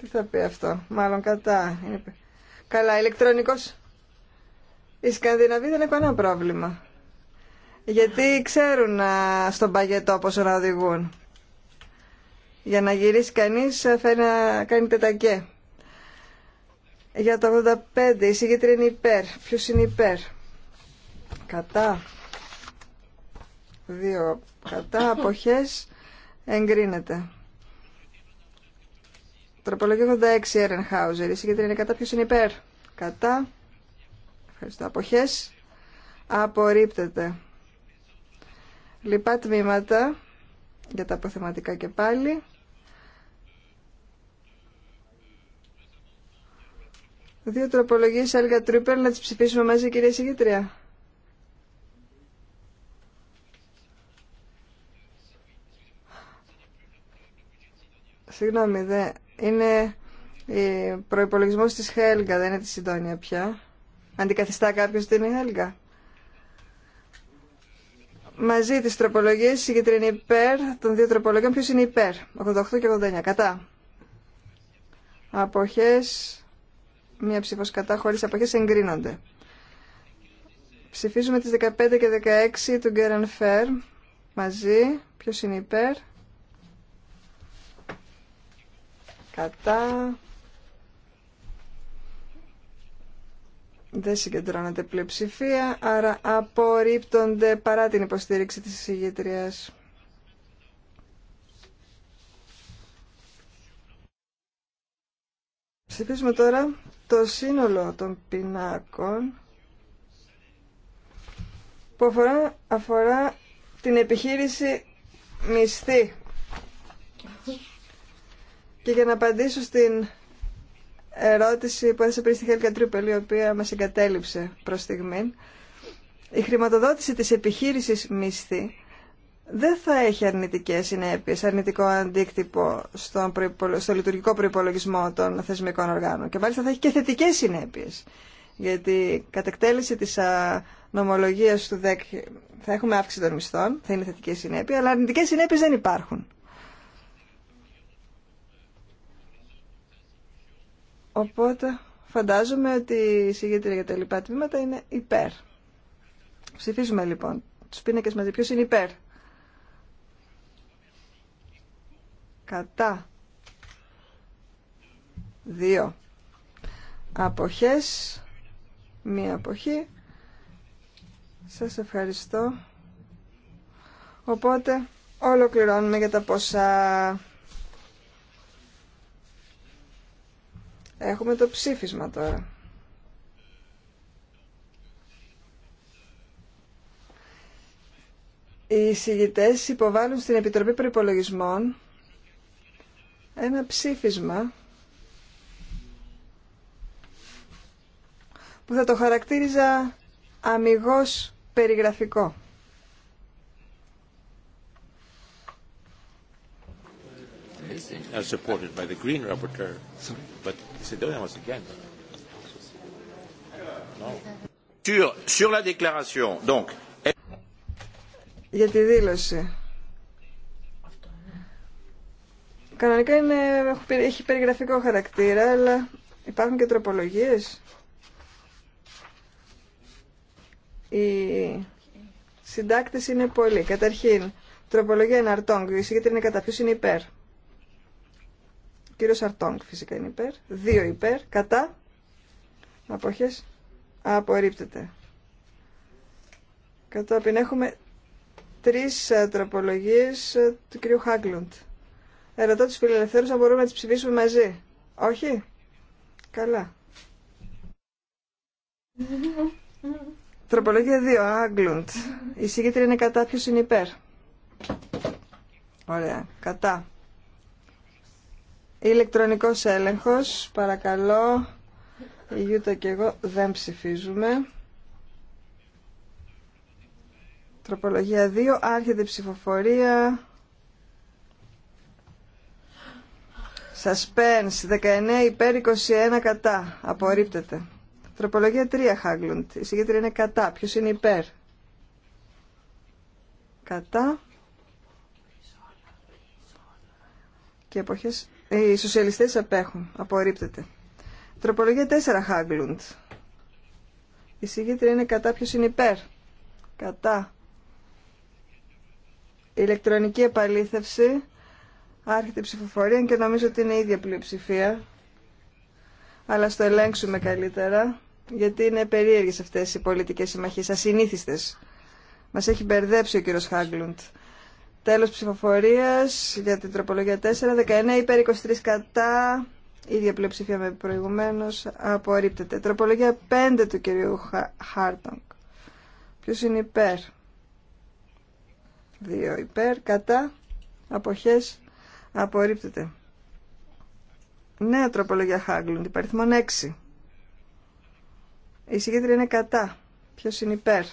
Τι θα πει αυτό. Μάλλον κατά. Καλά, ηλεκτρονικός. Η Σκανδιναβοί δεν έχουν κανένα πρόβλημα. Γιατί ξέρουν στον παγετό πόσο να οδηγούν. Για να γυρίσει κανείς φαίνεται να κάνει τετακέ. Για το 85 η συγκέντρη είναι υπέρ. Ποιος είναι υπέρ κατά, δύο κατά, αποχές, εγκρίνεται. Τροπολογία 86, Ερενχάουζερ. Η συγκέντρια είναι κατά, ποιος είναι υπέρ. Κατά, ευχαριστώ, αποχές, απορρίπτεται. Λοιπά τμήματα για τα αποθεματικά και πάλι. Δύο τροπολογίες, έλεγα Τρούπερ, να τις ψηφίσουμε μαζί, κυρία Συγκέντρια Συγγνώμη, δε, είναι η προπολογισμό τη Χέλγα, δεν είναι τη Συντόνια πια. Αντικαθιστά κάποιο την Χέλγα. Μαζί τι τροπολογίε, η γιατρή είναι υπέρ των δύο τροπολογιών. Ποιο είναι υπέρ, 88 και 89. Κατά. Αποχέ, μία ψήφο κατά, χωρί αποχέ εγκρίνονται. Ψηφίζουμε τις 15 και 16 του Γκέραν Φέρ μαζί. Ποιος είναι υπέρ, Κατά. Δεν συγκεντρώνεται πλειοψηφία, άρα απορρίπτονται παρά την υποστήριξη της ηγετριάς. Ψηφίζουμε τώρα το σύνολο των πινάκων που αφορά, αφορά την επιχείρηση μισθή. Και για να απαντήσω στην ερώτηση που έθεσε πριν στη Χέλκα Τρίπελ, η οποία μα εγκατέλειψε προ στιγμή, η χρηματοδότηση τη επιχείρηση μισθή δεν θα έχει αρνητικέ συνέπειε, αρνητικό αντίκτυπο στον στο λειτουργικό προπολογισμό των θεσμικών οργάνων και μάλιστα θα έχει και θετικέ συνέπειε. Γιατί κατ' εκτέλεση τη νομολογία του ΔΕΚ θα έχουμε αύξηση των μισθών, θα είναι θετική συνέπεια, αλλά αρνητικέ συνέπειε δεν υπάρχουν. Οπότε φαντάζομαι ότι η συγγέντρια για τα λοιπά τμήματα είναι υπέρ. Ψηφίζουμε λοιπόν τους πίνακες μαζί. Ποιος είναι υπέρ. Κατά. Δύο. Αποχές. Μία αποχή. Σας ευχαριστώ. Οπότε ολοκληρώνουμε για τα ποσά. Έχουμε το ψήφισμα τώρα. Οι συγητές υποβάλλουν στην Επιτροπή Προϋπολογισμών ένα ψήφισμα που θα το χαρακτήριζα αμυγός περιγραφικό. as supported by the Green Rapporteur. But Sedonia was again. Sur, sur la déclaration, donc. Για τη δήλωση. Κανονικά είναι, έχει περιγραφικό χαρακτήρα, αλλά υπάρχουν και τροπολογίες. Οι συντάκτες είναι πολλοί. Καταρχήν, τροπολογία εναρτών. γιατί είναι κατά ποιος είναι υπέρ. Κύριο Αρτόγκ φυσικά είναι υπέρ. Δύο υπέρ. Κατά. Αποχέ. Απορρίπτεται. Κατόπιν έχουμε τρει ε, τροπολογίε ε, του κυρίου Χάγκλουντ. Ερωτώ του φιλελευθέρου αν μπορούμε να τι ψηφίσουμε μαζί. Όχι. Καλά. Τροπολογία 2. Άγκλουντ. Η συγκίτρια είναι κατά. Ποιο είναι υπέρ. Ωραία. Κατά. Ηλεκτρονικός έλεγχος, παρακαλώ. Η Γιούτα και εγώ δεν ψηφίζουμε. Τροπολογία 2, άρχεται η ψηφοφορία. Σασπένς, 19 υπέρ, 21 κατά. Απορρίπτεται. Τροπολογία 3, Χάγκλουντ. Η συγκέντρια είναι κατά. Ποιος είναι υπέρ. Κατά. Και εποχές ε, οι σοσιαλιστές απέχουν. Απορρίπτεται. Τροπολογία 4 Χάγκλουντ. Η συγκίτρια είναι κατά ποιος είναι υπέρ. Κατά. Ηλεκτρονική επαλήθευση. Άρχεται η ψηφοφορία και νομίζω ότι είναι η ίδια πλειοψηφία. Αλλά στο ελέγξουμε καλύτερα. Γιατί είναι περίεργες αυτές οι πολιτικές συμμαχίες. Ασυνήθιστες. Μας έχει μπερδέψει ο κύριος Χάγκλουντ. Τέλος ψηφοφορίας για την τροπολογία 4, 19 υπέρ 23 κατά, ίδια πλειοψηφία με προηγουμένως, απορρίπτεται. Τροπολογία 5 του κυρίου Χάρτονγκ. Ποιος είναι υπέρ. 2 υπέρ, κατά, αποχές, απορρίπτεται. Νέα τροπολογία Χάγκλουντ, υπαριθμόν 6. Η συγκέντρια είναι κατά. Ποιος είναι υπέρ.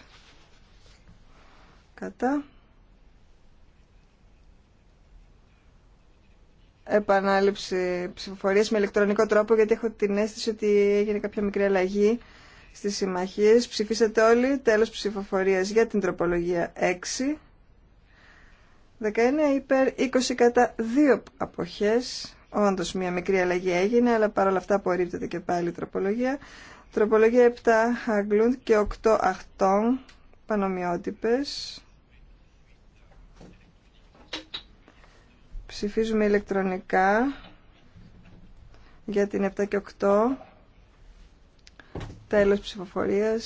Κατά. επανάληψη ψηφοφορίας με ηλεκτρονικό τρόπο γιατί έχω την αίσθηση ότι έγινε κάποια μικρή αλλαγή στις συμμαχίες. Ψηφίσατε όλοι, τέλος ψηφοφορίας για την τροπολογία 6. 19 υπέρ, 20 κατά, 2 αποχές. Όντω μια μικρή αλλαγή έγινε, αλλά παρόλα αυτά απορρίπτεται και πάλι η τροπολογία. Τροπολογία 7 αγγλούν και 8 Αχτών, πανομοιότυπες. Ψηφίζουμε ηλεκτρονικά για την 7 και 8. Τέλος ψηφοφορίας.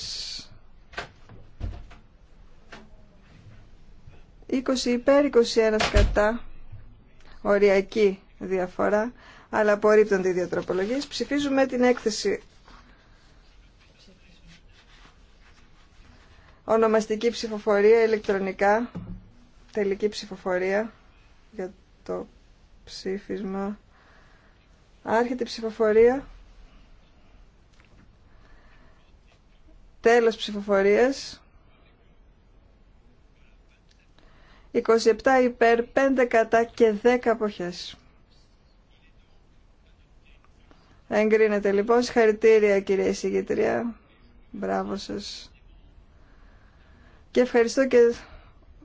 20 υπέρ, 21 κατά. Οριακή διαφορά, αλλά απορρίπτονται οι δύο τροπολογίες. Ψηφίζουμε την έκθεση. Ονομαστική ψηφοφορία, ηλεκτρονικά, τελική ψηφοφορία για το ψήφισμα. Άρχεται η ψηφοφορία. Τέλος ψηφοφορίας. 27 υπέρ, 5 κατά και 10 αποχές. Εγκρίνεται λοιπόν. Συγχαρητήρια κυρία εισηγητρία. Μπράβο σας. Και ευχαριστώ και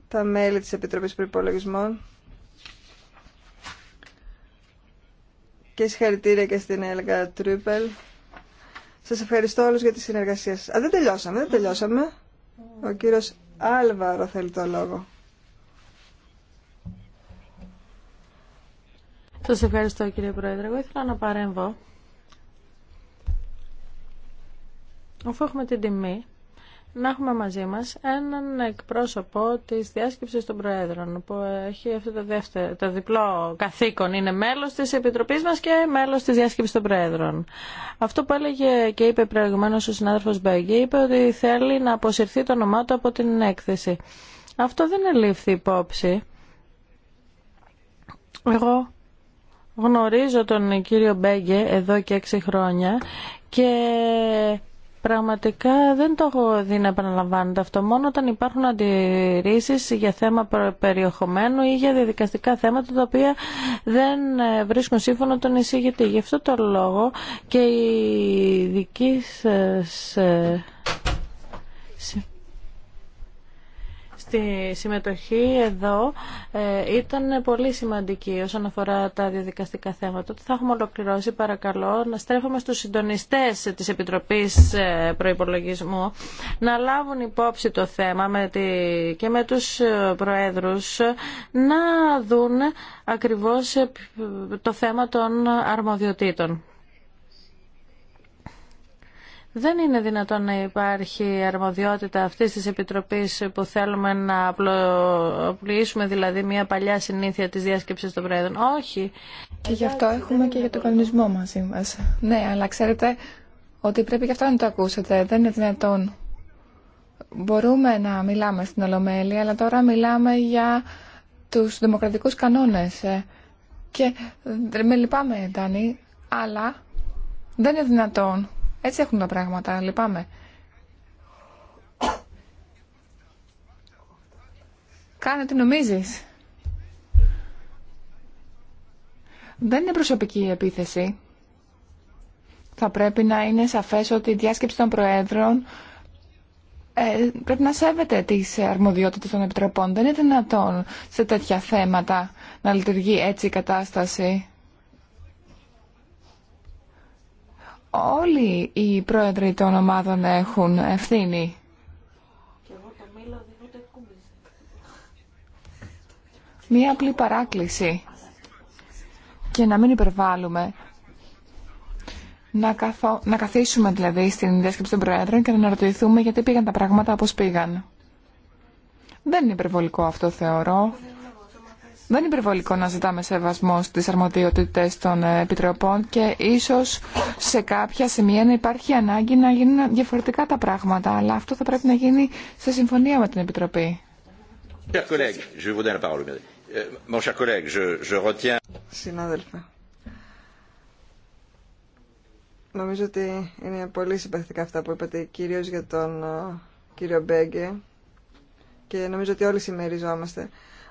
τα μέλη της Επιτροπής Προϋπολογισμών. και συγχαρητήρια και στην Έλγα Τρίπελ. Σα ευχαριστώ όλου για τη συνεργασία σα. Α, δεν τελειώσαμε, δεν τελειώσαμε. Ο κύριο Άλβαρο θέλει το λόγο. Σα ευχαριστώ κύριε Πρόεδρε. Εγώ ήθελα να παρέμβω. Αφού έχουμε την τιμή να έχουμε μαζί μας έναν εκπρόσωπο της διάσκεψης των Προέδρων που έχει αυτό το, δεύτερο, το διπλό καθήκον. Είναι μέλος της Επιτροπής μας και μέλος της διάσκεψης των Προέδρων. Αυτό που έλεγε και είπε προηγουμένως ο συνάδελφος Μπέγκη είπε ότι θέλει να αποσυρθεί το όνομά του από την έκθεση. Αυτό δεν ελήφθη υπόψη. Εγώ γνωρίζω τον κύριο Μπέγκε εδώ και έξι χρόνια και Πραγματικά δεν το έχω δει να επαναλαμβάνεται αυτό. Μόνο όταν υπάρχουν αντιρρήσει για θέμα περιεχομένου ή για διαδικαστικά θέματα τα οποία δεν ε, βρίσκουν σύμφωνο τον εισηγητή. Γι' αυτό το λόγο και η δική σας ε, στη συμμετοχή εδώ ε, ήταν πολύ σημαντική όσον αφορά τα διαδικαστικά θέματα. Θα έχουμε ολοκληρώσει, παρακαλώ, να στρέφουμε στους συντονιστές της Επιτροπής ε, Προϋπολογισμού να λάβουν υπόψη το θέμα με τη... και με τους ε, προέδρους να δουν ακριβώς το θέμα των αρμοδιοτήτων. Δεν είναι δυνατόν να υπάρχει αρμοδιότητα αυτής της Επιτροπής που θέλουμε να απλοποιήσουμε δηλαδή μια παλιά συνήθεια της διάσκεψης των Πρόεδρων. Όχι. Και γι' αυτό έχουμε και για τον κανονισμό μαζί μας. Ναι, αλλά ξέρετε ότι πρέπει και αυτό να το ακούσετε. Δεν είναι δυνατόν. Μπορούμε να μιλάμε στην Ολομέλη, αλλά τώρα μιλάμε για τους δημοκρατικούς κανόνες. Και με λυπάμαι, Ντάνη, αλλά δεν είναι δυνατόν έτσι έχουν τα πράγματα, λυπάμαι. Κάνε τι νομίζεις. Δεν είναι προσωπική η επίθεση. Θα πρέπει να είναι σαφές ότι η διάσκεψη των Προέδρων ε, πρέπει να σέβεται τις αρμοδιότητες των επιτροπών. Δεν είναι δυνατόν σε τέτοια θέματα να λειτουργεί έτσι η κατάσταση. όλοι οι πρόεδροι των ομάδων έχουν ευθύνη. Μία απλή παράκληση και να μην υπερβάλλουμε. Να, καθο... να καθίσουμε δηλαδή στην διάσκεψη των Προέδρων και να αναρωτηθούμε γιατί πήγαν τα πράγματα όπως πήγαν. Δεν είναι υπερβολικό αυτό θεωρώ. Δεν είναι υπερβολικό να ζητάμε σεβασμό στις αρμοδιότητες των ε, επιτροπών και ίσω σε κάποια σημεία να υπάρχει ανάγκη να γίνουν διαφορετικά τα πράγματα, αλλά αυτό θα πρέπει να γίνει σε συμφωνία με την Επιτροπή. Συνάδελφε, νομίζω ότι είναι πολύ συμπαθητικά αυτά που είπατε κυρίω για τον ε, κύριο Μπέγκε και νομίζω ότι όλοι συμμεριζόμαστε.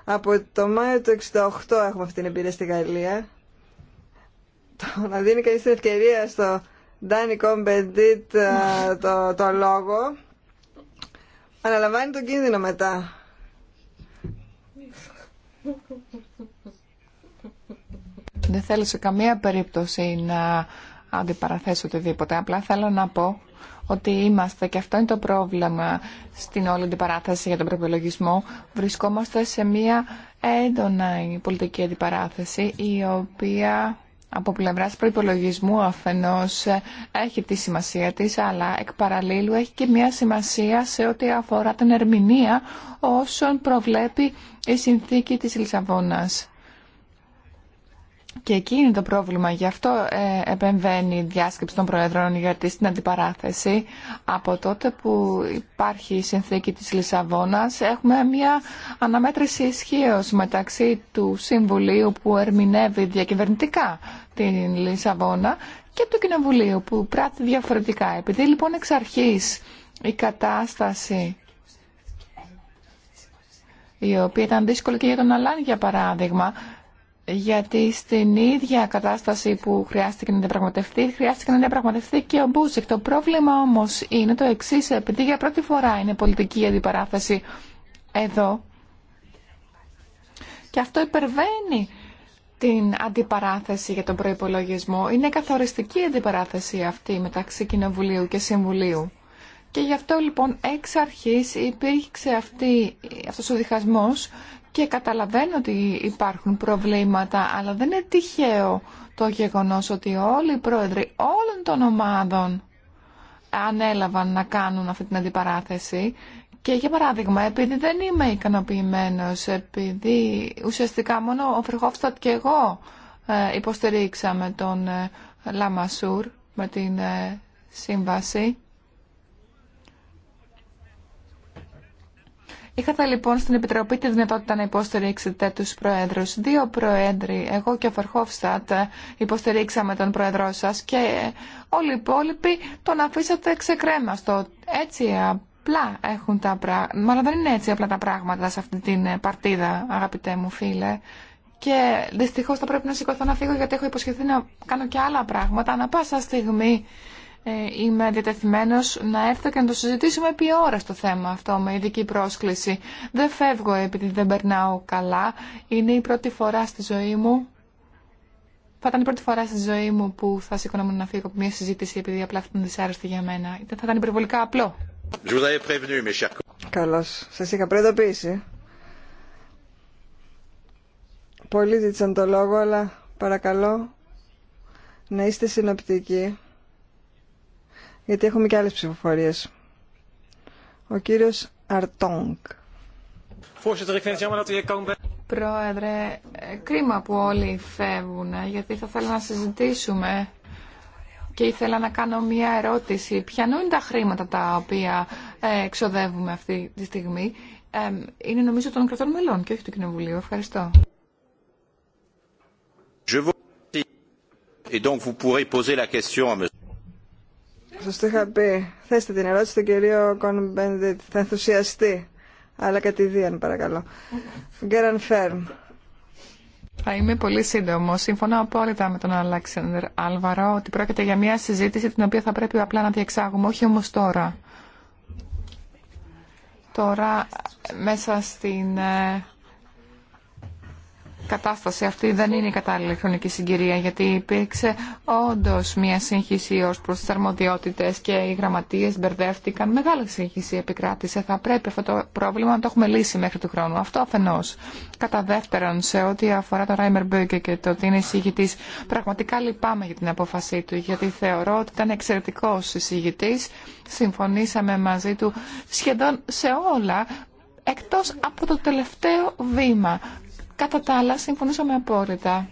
Από το Μάιο του 68 έχουμε αυτή την εμπειρία στη Γαλλία. Το να δίνει κανείς την ευκαιρία στο Ντάνι Κομπεντίτ ε, το, το λόγο αναλαμβάνει τον κίνδυνο μετά. Δεν θέλω σε καμία περίπτωση να αντιπαραθέσω οτιδήποτε. Απλά θέλω να πω ότι είμαστε, και αυτό είναι το πρόβλημα στην όλη την παράθεση για τον προπολογισμό, βρισκόμαστε σε μια έντονα πολιτική αντιπαράθεση, η οποία από πλευράς προϋπολογισμού αφενός έχει τη σημασία της, αλλά εκ παραλλήλου έχει και μια σημασία σε ό,τι αφορά την ερμηνεία όσων προβλέπει η συνθήκη της Λισαβόνας. Και εκεί είναι το πρόβλημα. Γι' αυτό ε, επεμβαίνει η διάσκεψη των Προεδρών, γιατί στην αντιπαράθεση από τότε που υπάρχει η συνθήκη της Λισαβόνας έχουμε μια αναμέτρηση ισχύω μεταξύ του Συμβουλίου που ερμηνεύει διακυβερνητικά την Λισαβόνα και του Κοινοβουλίου που πράττει διαφορετικά. Επειδή λοιπόν εξ αρχής η κατάσταση η οποία ήταν δύσκολη και για τον Αλάν για παράδειγμα γιατί στην ίδια κατάσταση που χρειάστηκε να διαπραγματευτεί, χρειάστηκε να διαπραγματευτεί και ο Μπούσικ. Το πρόβλημα όμω είναι το εξή, επειδή για πρώτη φορά είναι πολιτική αντιπαράθεση εδώ. Και αυτό υπερβαίνει την αντιπαράθεση για τον προϋπολογισμό. Είναι καθοριστική αντιπαράθεση αυτή μεταξύ Κοινοβουλίου και Συμβουλίου. Και γι' αυτό λοιπόν εξ αρχής υπήρξε αυτή, αυτός ο διχασμός και καταλαβαίνω ότι υπάρχουν προβλήματα, αλλά δεν είναι τυχαίο το γεγονός ότι όλοι οι πρόεδροι όλων των ομάδων ανέλαβαν να κάνουν αυτή την αντιπαράθεση. Και για παράδειγμα, επειδή δεν είμαι ικανοποιημένο, επειδή ουσιαστικά μόνο ο Φερχόφστατ και εγώ ε, υποστηρίξαμε τον ε, Λαμασούρ με την ε, σύμβαση, Είχατε λοιπόν στην Επιτροπή τη δυνατότητα να υποστηρίξετε του προέδρου. Δύο Προέδροι, εγώ και ο Φερχόφστατ, υποστηρίξαμε τον Πρόεδρό σα και όλοι οι υπόλοιποι τον αφήσατε ξεκρέμαστο. Έτσι απλά έχουν τα πράγματα. Μάλλον δεν είναι έτσι απλά τα πράγματα σε αυτή την παρτίδα, αγαπητέ μου φίλε. Και δυστυχώ θα πρέπει να σηκωθώ να φύγω γιατί έχω υποσχεθεί να κάνω και άλλα πράγματα. Ανά πάσα στιγμή ε, είμαι διατεθειμένος να έρθω και να το συζητήσουμε επί ώρα στο θέμα αυτό με ειδική πρόσκληση. Δεν φεύγω επειδή δεν περνάω καλά. Είναι η πρώτη φορά στη ζωή μου. Θα ήταν η πρώτη φορά στη ζωή μου που θα σηκωνόμουν να φύγω από μια συζήτηση επειδή απλά ήταν δυσάρεστη για μένα. Θα ήταν υπερβολικά απλό. Καλώ. Σα είχα προειδοποιήσει. Πολλοί ζήτησαν το λόγο, αλλά παρακαλώ να είστε συνοπτικοί γιατί έχουμε και άλλες ψηφοφορίες. Ο κύριος Αρτόγκ. Πρόεδρε, κρίμα που όλοι φεύγουν, ε, γιατί θα θέλω να συζητήσουμε και ήθελα να κάνω μια ερώτηση. Ποια είναι τα χρήματα τα οποία ε, εξοδεύουμε αυτή τη στιγμή. Ε, είναι νομίζω των κρατών μελών και όχι του Κοινοβουλίου. Ευχαριστώ. Σα το είχα πει. Θέστε την ερώτηση στον κύριο Κονμπένδιτ. Θα ενθουσιαστεί. Αλλά κατηδίαν παρακαλώ. Γκέραν Φέρμ. Θα είμαι πολύ σύντομο. Σύμφωνα απόλυτα με τον Αλέξανδρ Άλβαρο ότι πρόκειται για μια συζήτηση την οποία θα πρέπει απλά να διεξάγουμε, όχι όμω τώρα. Τώρα, μέσα στην ε, κατάσταση αυτή δεν είναι η κατάλληλη χρονική συγκυρία γιατί υπήρξε όντω μια σύγχυση ω προ τις αρμοδιότητες και οι γραμματείε μπερδεύτηκαν. Μεγάλη σύγχυση επικράτησε. Θα πρέπει αυτό το πρόβλημα να το έχουμε λύσει μέχρι του χρόνου. Αυτό αφενό. Κατά δεύτερον, σε ό,τι αφορά τον Ράιμερ Μπέγκε και το ότι είναι εισηγητή, πραγματικά λυπάμαι για την απόφασή του γιατί θεωρώ ότι ήταν εξαιρετικό εισηγητή. Συμφωνήσαμε μαζί του σχεδόν σε όλα εκτός από το τελευταίο βήμα Κατά τα άλλα, συμφωνήσαμε απόλυτα.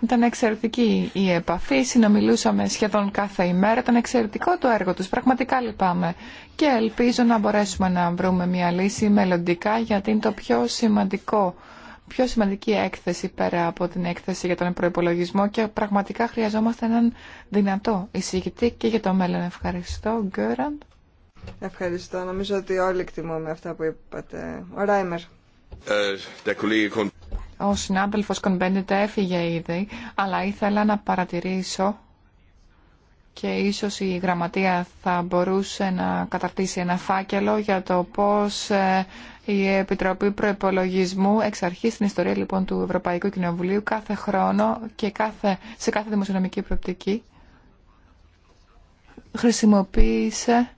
Ήταν εξαιρετική η επαφή, συνομιλούσαμε σχεδόν κάθε ημέρα, ήταν εξαιρετικό το έργο τους, πραγματικά λυπάμαι. Και ελπίζω να μπορέσουμε να βρούμε μια λύση μελλοντικά γιατί είναι το πιο σημαντικό, πιο σημαντική έκθεση πέρα από την έκθεση για τον προπολογισμό και πραγματικά χρειαζόμαστε έναν δυνατό εισηγητή και για το μέλλον. Ευχαριστώ, Γκέραν. Ευχαριστώ. Νομίζω ότι όλοι εκτιμούμε αυτά που είπατε. Ο Ράιμερ. Ο συνάδελφος Κονπέντιντα έφυγε ήδη, αλλά ήθελα να παρατηρήσω και ίσως η γραμματεία θα μπορούσε να καταρτήσει ένα φάκελο για το πώς ε, η Επιτροπή Προϋπολογισμού εξ αρχής στην ιστορία λοιπόν του Ευρωπαϊκού Κοινοβουλίου κάθε χρόνο και κάθε, σε κάθε δημοσιονομική προοπτική χρησιμοποίησε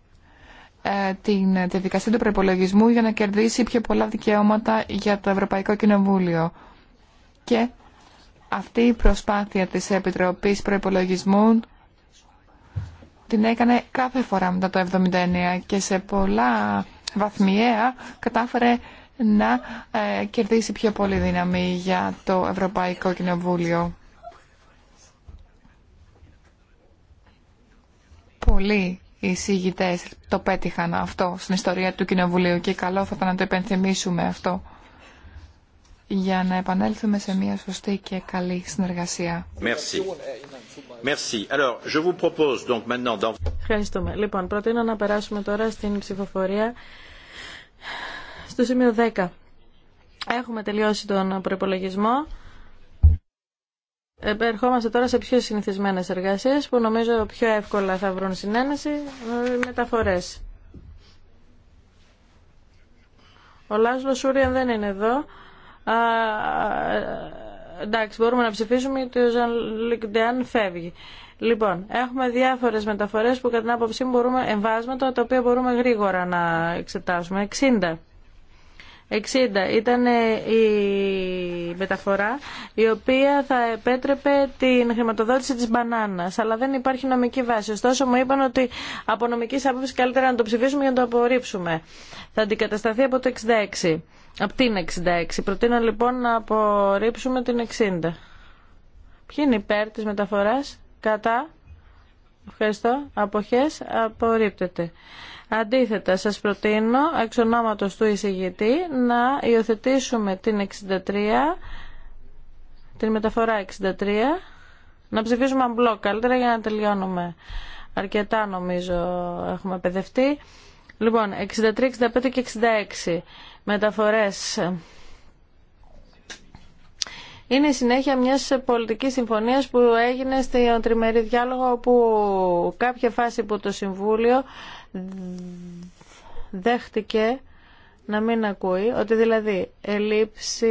ε, την διαδικασία ε, του προπολογισμού για να κερδίσει πιο πολλά δικαιώματα για το Ευρωπαϊκό Κοινοβούλιο. Και αυτή η προσπάθεια της Επιτροπής Προϋπολογισμού την έκανε κάθε φορά μετά το 1979 και σε πολλά βαθμιαία κατάφερε να ε, κερδίσει πιο πολύ δύναμη για το Ευρωπαϊκό Κοινοβούλιο. Πολύ οι συγητέ το πέτυχαν αυτό στην ιστορία του Κοινοβουλίου και καλό θα ήταν να το υπενθυμίσουμε αυτό για να επανέλθουμε σε μια σωστή και καλή συνεργασία. Merci. Merci. Alors, je vous Ευχαριστούμε. Λοιπόν, προτείνω να περάσουμε τώρα στην ψηφοφορία στο σημείο 10. Έχουμε τελειώσει τον προπολογισμό. Ερχόμαστε τώρα σε πιο συνηθισμένες εργασίες που νομίζω πιο εύκολα θα βρουν συνένεση ε, μεταφορές. Ο Λάσλο Σούριαν δεν είναι εδώ. Α, ε, εντάξει, μπορούμε να ψηφίσουμε γιατί ο Ζαν Λικντεάν φεύγει. Λοιπόν, έχουμε διάφορες μεταφορές που κατά την άποψή μου μπορούμε, εμβάσματα, τα οποία μπορούμε γρήγορα να εξετάσουμε. 60. 60 ήταν ε, η μεταφορά η οποία θα επέτρεπε την χρηματοδότηση της μπανάνας αλλά δεν υπάρχει νομική βάση. Ωστόσο μου είπαν ότι από νομικής άποψης καλύτερα να το ψηφίσουμε για να το απορρίψουμε. Θα αντικατασταθεί από το 66. Από την 66. Προτείνω λοιπόν να απορρίψουμε την 60. Ποιοι είναι υπέρ της μεταφοράς. Κατά. Ευχαριστώ. Αποχές. Απορρίπτεται. Αντίθετα, σας προτείνω εξ ονόματος του εισηγητή να υιοθετήσουμε την 63, την μεταφορά 63, να ψηφίσουμε μπλοκ καλύτερα για να τελειώνουμε. Αρκετά νομίζω έχουμε παιδευτεί. Λοιπόν, 63, 65 και 66 μεταφορές είναι η συνέχεια μιας πολιτικής συμφωνίας που έγινε στον τριμερή διάλογο όπου κάποια φάση που το Συμβούλιο δέχτηκε να μην ακούει, ότι δηλαδή ελλείψη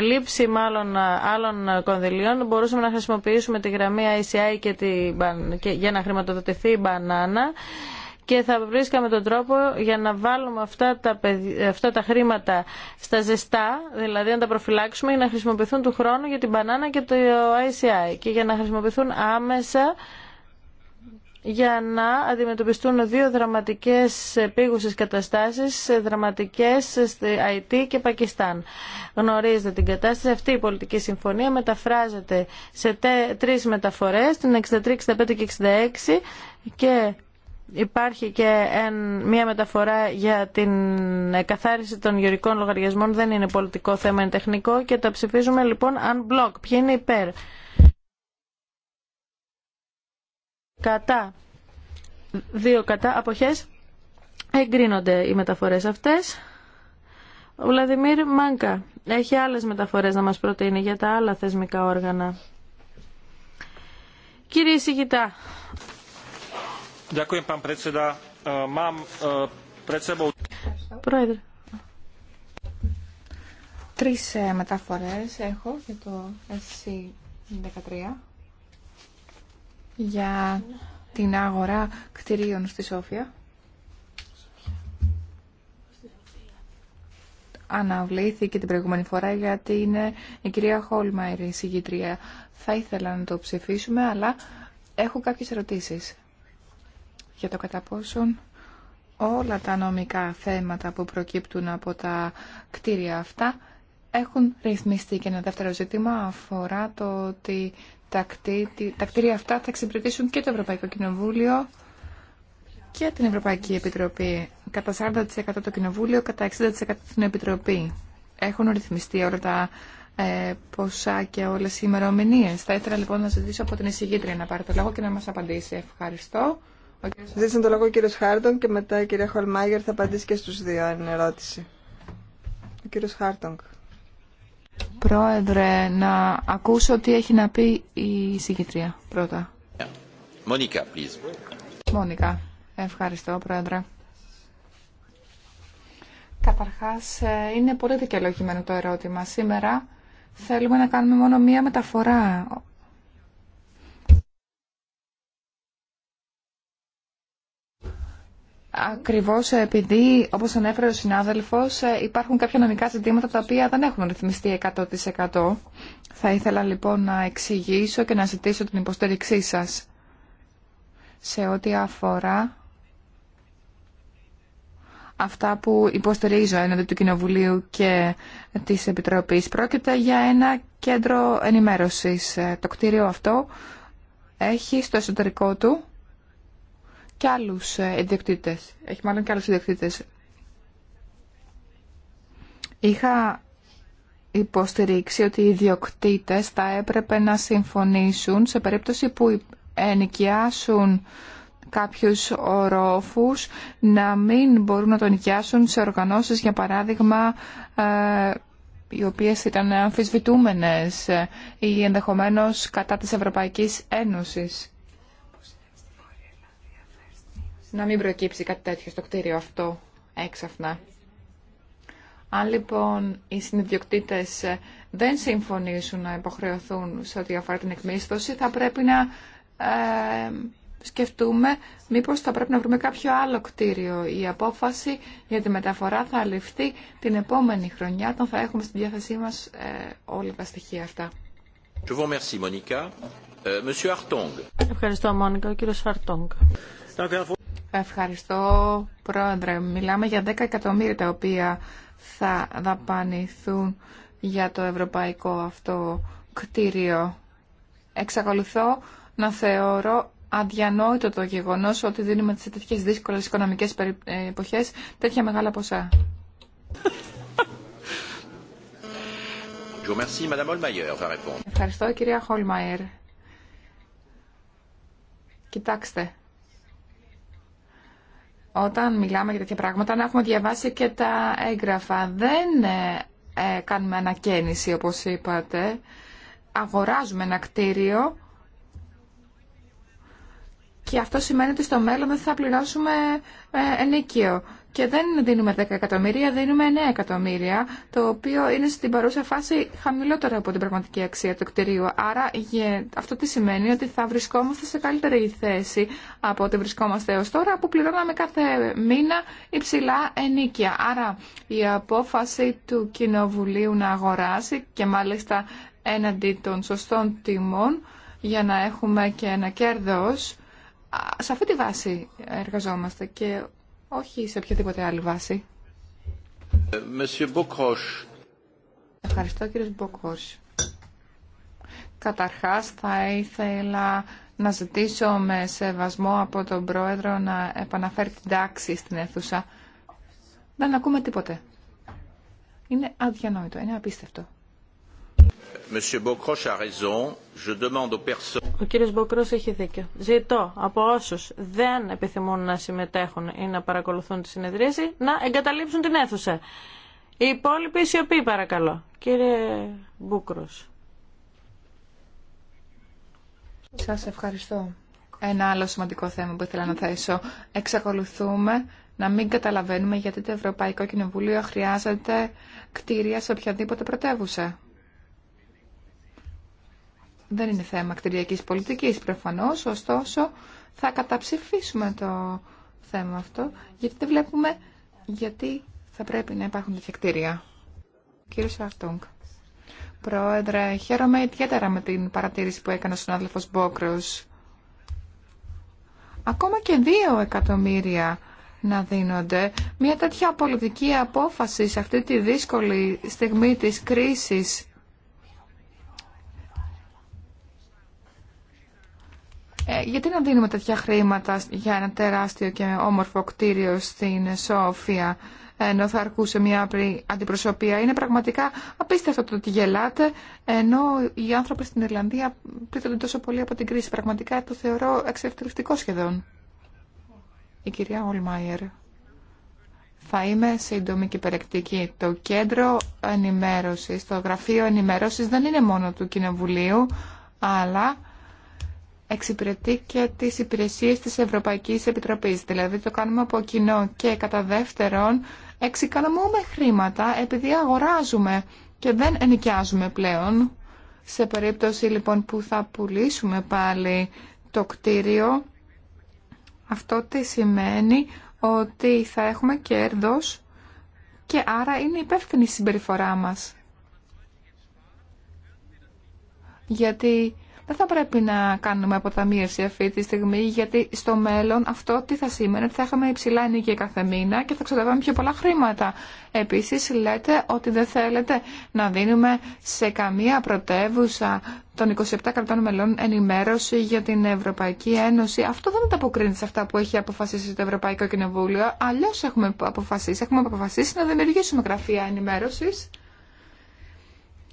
ελλείψη ε, ε, ε, μάλλον άλλων κονδυλίων μπορούσαμε να χρησιμοποιήσουμε τη γραμμή ICI και τη... για να χρηματοδοτηθεί η μπανάνα και θα βρίσκαμε τον τρόπο για να βάλουμε αυτά τα, αυτά τα χρήματα στα ζεστά, δηλαδή να τα προφυλάξουμε για να χρησιμοποιηθούν του χρόνου για την μπανάνα και το ICI και για να χρησιμοποιηθούν άμεσα για να αντιμετωπιστούν δύο δραματικές επίγουσες καταστάσεις, δραματικές στη Αϊτή και Πακιστάν. Γνωρίζετε την κατάσταση. Αυτή η πολιτική συμφωνία μεταφράζεται σε τρεις μεταφορές, την 63, 65 και 66 και υπάρχει και μια μεταφορά για την καθάριση των γεωρικών λογαριασμών. Δεν είναι πολιτικό θέμα, είναι τεχνικό και τα ψηφίζουμε λοιπόν unblock. Ποιοι είναι υπέρ. Κατά. Δύο κατά. Αποχές. Εγκρίνονται οι μεταφορές αυτές. Ο Βλαδιμίρ Μάνκα έχει άλλες μεταφορές να μας προτείνει για τα άλλα θεσμικά όργανα. Κύριε Σιγητά, E, e, Πρόεδρε. Τρει ε, μεταφορέ έχω για το SC13 για την αγορά κτηρίων στη Σόφια. Αναβλήθηκε την προηγούμενη φορά γιατί είναι η κυρία Χόλμαϊρ η συγκήτρια. Θα ήθελα να το ψηφίσουμε, αλλά έχω κάποιες ερωτήσεις για το κατά πόσον όλα τα νομικά θέματα που προκύπτουν από τα κτίρια αυτά έχουν ρυθμιστεί. Και ένα δεύτερο ζήτημα αφορά το ότι τα κτίρια αυτά θα εξυπηρετήσουν και το Ευρωπαϊκό Κοινοβούλιο και την Ευρωπαϊκή Επιτροπή. Κατά 40% το Κοινοβούλιο, κατά 60% την Επιτροπή. Έχουν ρυθμιστεί όλα τα ε, ποσά και όλε οι ημερομηνίε. Θα ήθελα λοιπόν να ζητήσω από την εισηγήτρια να πάρει το λόγο και να μα απαντήσει. Ευχαριστώ. Ζήτησε το λόγο ο κύριος Χάρτον και μετά η κυρία Χολμάγερ θα απαντήσει και στους δύο αν είναι ερώτηση. Ο κύριος Χάρτονγκ. Πρόεδρε, να ακούσω τι έχει να πει η συγκητρία πρώτα. Μόνικα, Μόνικα, ευχαριστώ πρόεδρε. Καταρχάς, ε, είναι πολύ δικαιολογημένο το ερώτημα. Σήμερα θέλουμε να κάνουμε μόνο μία μεταφορά ακριβώς επειδή, όπως ανέφερε ο συνάδελφος, ε, υπάρχουν κάποια νομικά ζητήματα τα οποία δεν έχουν ρυθμιστεί 100%. Θα ήθελα λοιπόν να εξηγήσω και να ζητήσω την υποστήριξή σας σε ό,τι αφορά αυτά που υποστηρίζω έναντι του Κοινοβουλίου και της Επιτροπής. Πρόκειται για ένα κέντρο ενημέρωσης. Ε, το κτίριο αυτό έχει στο εσωτερικό του και άλλους ε, ιδιοκτήτες. Έχει μάλλον και άλλους ιδιοκτήτες. Είχα υποστηρίξει ότι οι ιδιοκτήτες θα έπρεπε να συμφωνήσουν σε περίπτωση που ενοικιάσουν κάποιους ορόφους να μην μπορούν να τον νοικιάσουν σε οργανώσεις για παράδειγμα ε, οι οποίες ήταν αμφισβητούμενες ε, ή ενδεχομένως κατά της Ευρωπαϊκής Ένωσης να μην προκύψει κάτι τέτοιο στο κτίριο αυτό έξαφνα. Αν λοιπόν οι συνδιοκτήτες δεν συμφωνήσουν να υποχρεωθούν σε ό,τι αφορά την εκμίσθωση, θα πρέπει να ε, σκεφτούμε μήπως θα πρέπει να βρούμε κάποιο άλλο κτίριο. Η απόφαση για τη μεταφορά θα ληφθεί την επόμενη χρονιά, όταν θα έχουμε στη διάθεσή μας ε, όλα τα στοιχεία αυτά. Euh, Ευχαριστώ, Μόνικα. Ο κύριος Ευχαριστώ, Πρόεδρε. Μιλάμε για 10 εκατομμύρια τα οποία θα δαπανηθούν για το ευρωπαϊκό αυτό κτίριο. Εξακολουθώ να θεωρώ αδιανόητο το γεγονός ότι δίνουμε σε τέτοιες δύσκολες οικονομικές εποχές τέτοια μεγάλα ποσά. Ευχαριστώ, κυρία Χολμαϊρ. Κοιτάξτε, όταν μιλάμε για τέτοια πράγματα να έχουμε διαβάσει και τα έγγραφα. Δεν ε, ε, κάνουμε ανακαίνιση όπως είπατε. Αγοράζουμε ένα κτίριο και αυτό σημαίνει ότι στο μέλλον δεν θα πληρώσουμε ε, ενίκιο και δεν δίνουμε 10 εκατομμύρια, δίνουμε 9 εκατομμύρια, το οποίο είναι στην παρούσα φάση χαμηλότερο από την πραγματική αξία του κτηρίου. Άρα αυτό τι σημαίνει ότι θα βρισκόμαστε σε καλύτερη θέση από ό,τι βρισκόμαστε έως τώρα, που πληρώναμε κάθε μήνα υψηλά ενίκια. Άρα η απόφαση του Κοινοβουλίου να αγοράσει και μάλιστα έναντι των σωστών τιμών για να έχουμε και ένα κέρδος, σε αυτή τη βάση εργαζόμαστε και όχι σε οποιαδήποτε άλλη βάση. Ευχαριστώ κύριε Μποκός. Καταρχάς θα ήθελα να ζητήσω με σεβασμό από τον Πρόεδρο να επαναφέρει την τάξη στην αίθουσα. Δεν ακούμε τίποτε. Είναι αδιανόητο, είναι απίστευτο. Ο κύριος Μποκρός έχει δίκιο. Ζητώ από όσους δεν επιθυμούν να συμμετέχουν ή να παρακολουθούν τη συνεδρίαση να εγκαταλείψουν την αίθουσα. Οι υπόλοιποι σιωπή παρακαλώ. Κύριε Μπούκρος. Σας ευχαριστώ. Ένα άλλο σημαντικό θέμα που ήθελα να θέσω. Εξακολουθούμε να μην καταλαβαίνουμε γιατί το Ευρωπαϊκό Κοινοβούλιο χρειάζεται κτίρια σε οποιαδήποτε πρωτεύουσα. Δεν είναι θέμα κτηριακής πολιτικής προφανώς, ωστόσο θα καταψηφίσουμε το θέμα αυτό, γιατί δεν βλέπουμε γιατί θα πρέπει να υπάρχουν τέτοια κτίρια. Κύριε Σαρτούγκ. Πρόεδρε, χαίρομαι ιδιαίτερα με την παρατήρηση που έκανε ο συνάδελφος Μπόκρος. Ακόμα και δύο εκατομμύρια να δίνονται. Μια τέτοια πολιτική απόφαση σε αυτή τη δύσκολη στιγμή της κρίσης Ε, γιατί να δίνουμε τέτοια χρήματα για ένα τεράστιο και όμορφο κτίριο στην Σόφια ενώ θα αρκούσε μια αντιπροσωπεία. Είναι πραγματικά απίστευτο το ότι γελάτε, ενώ οι άνθρωποι στην Ιρλανδία πλήττονται τόσο πολύ από την κρίση. Πραγματικά το θεωρώ εξευτελιστικό σχεδόν. Η κυρία Ολμάιερ. Θα είμαι σύντομη και περιεκτική. Το κέντρο ενημέρωσης, το γραφείο ενημέρωσης δεν είναι μόνο του Κοινοβουλίου, αλλά εξυπηρετεί και τις υπηρεσίες της Ευρωπαϊκής Επιτροπής. Δηλαδή το κάνουμε από κοινό και κατά δεύτερον εξοικονομούμε χρήματα επειδή αγοράζουμε και δεν ενοικιάζουμε πλέον. Σε περίπτωση λοιπόν που θα πουλήσουμε πάλι το κτίριο, αυτό τι σημαίνει ότι θα έχουμε κέρδος και άρα είναι υπεύθυνη η συμπεριφορά μας. Γιατί δεν θα πρέπει να κάνουμε αποταμίευση αυτή τη στιγμή, γιατί στο μέλλον αυτό τι θα σήμαινε, ότι θα είχαμε υψηλά νίκη κάθε μήνα και θα ξοδεύαμε πιο πολλά χρήματα. Επίση, λέτε ότι δεν θέλετε να δίνουμε σε καμία πρωτεύουσα των 27 κρατών μελών ενημέρωση για την Ευρωπαϊκή Ένωση. Αυτό δεν ανταποκρίνεται σε αυτά που έχει αποφασίσει το Ευρωπαϊκό Κοινοβούλιο. Αλλιώ έχουμε αποφασίσει. Έχουμε αποφασίσει να δημιουργήσουμε γραφεία ενημέρωση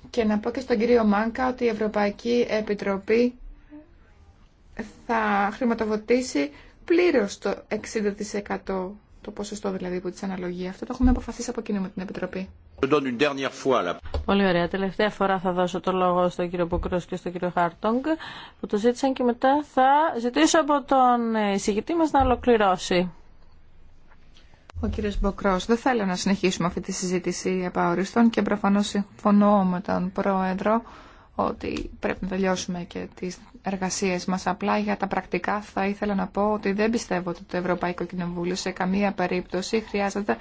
και να πω και στον κύριο Μάνκα ότι η Ευρωπαϊκή Επιτροπή θα χρηματοδοτήσει πλήρως το 60% το ποσοστό δηλαδή που της αναλογεί. Αυτό το έχουμε αποφασίσει από κοινού με την Επιτροπή. Πολύ ωραία. Τελευταία φορά θα δώσω το λόγο στον κύριο Ποκρό και στον κύριο Χάρτογκ που το ζήτησαν και μετά θα ζητήσω από τον εισηγητή μας να ολοκληρώσει. Ο κύριος Μποκρός, δεν θέλω να συνεχίσουμε αυτή τη συζήτηση επαόριστον και προφανώς συμφωνώ με τον Πρόεδρο ότι πρέπει να τελειώσουμε και τις εργασίες μας. Απλά για τα πρακτικά θα ήθελα να πω ότι δεν πιστεύω ότι το Ευρωπαϊκό Κοινοβούλιο σε καμία περίπτωση χρειάζεται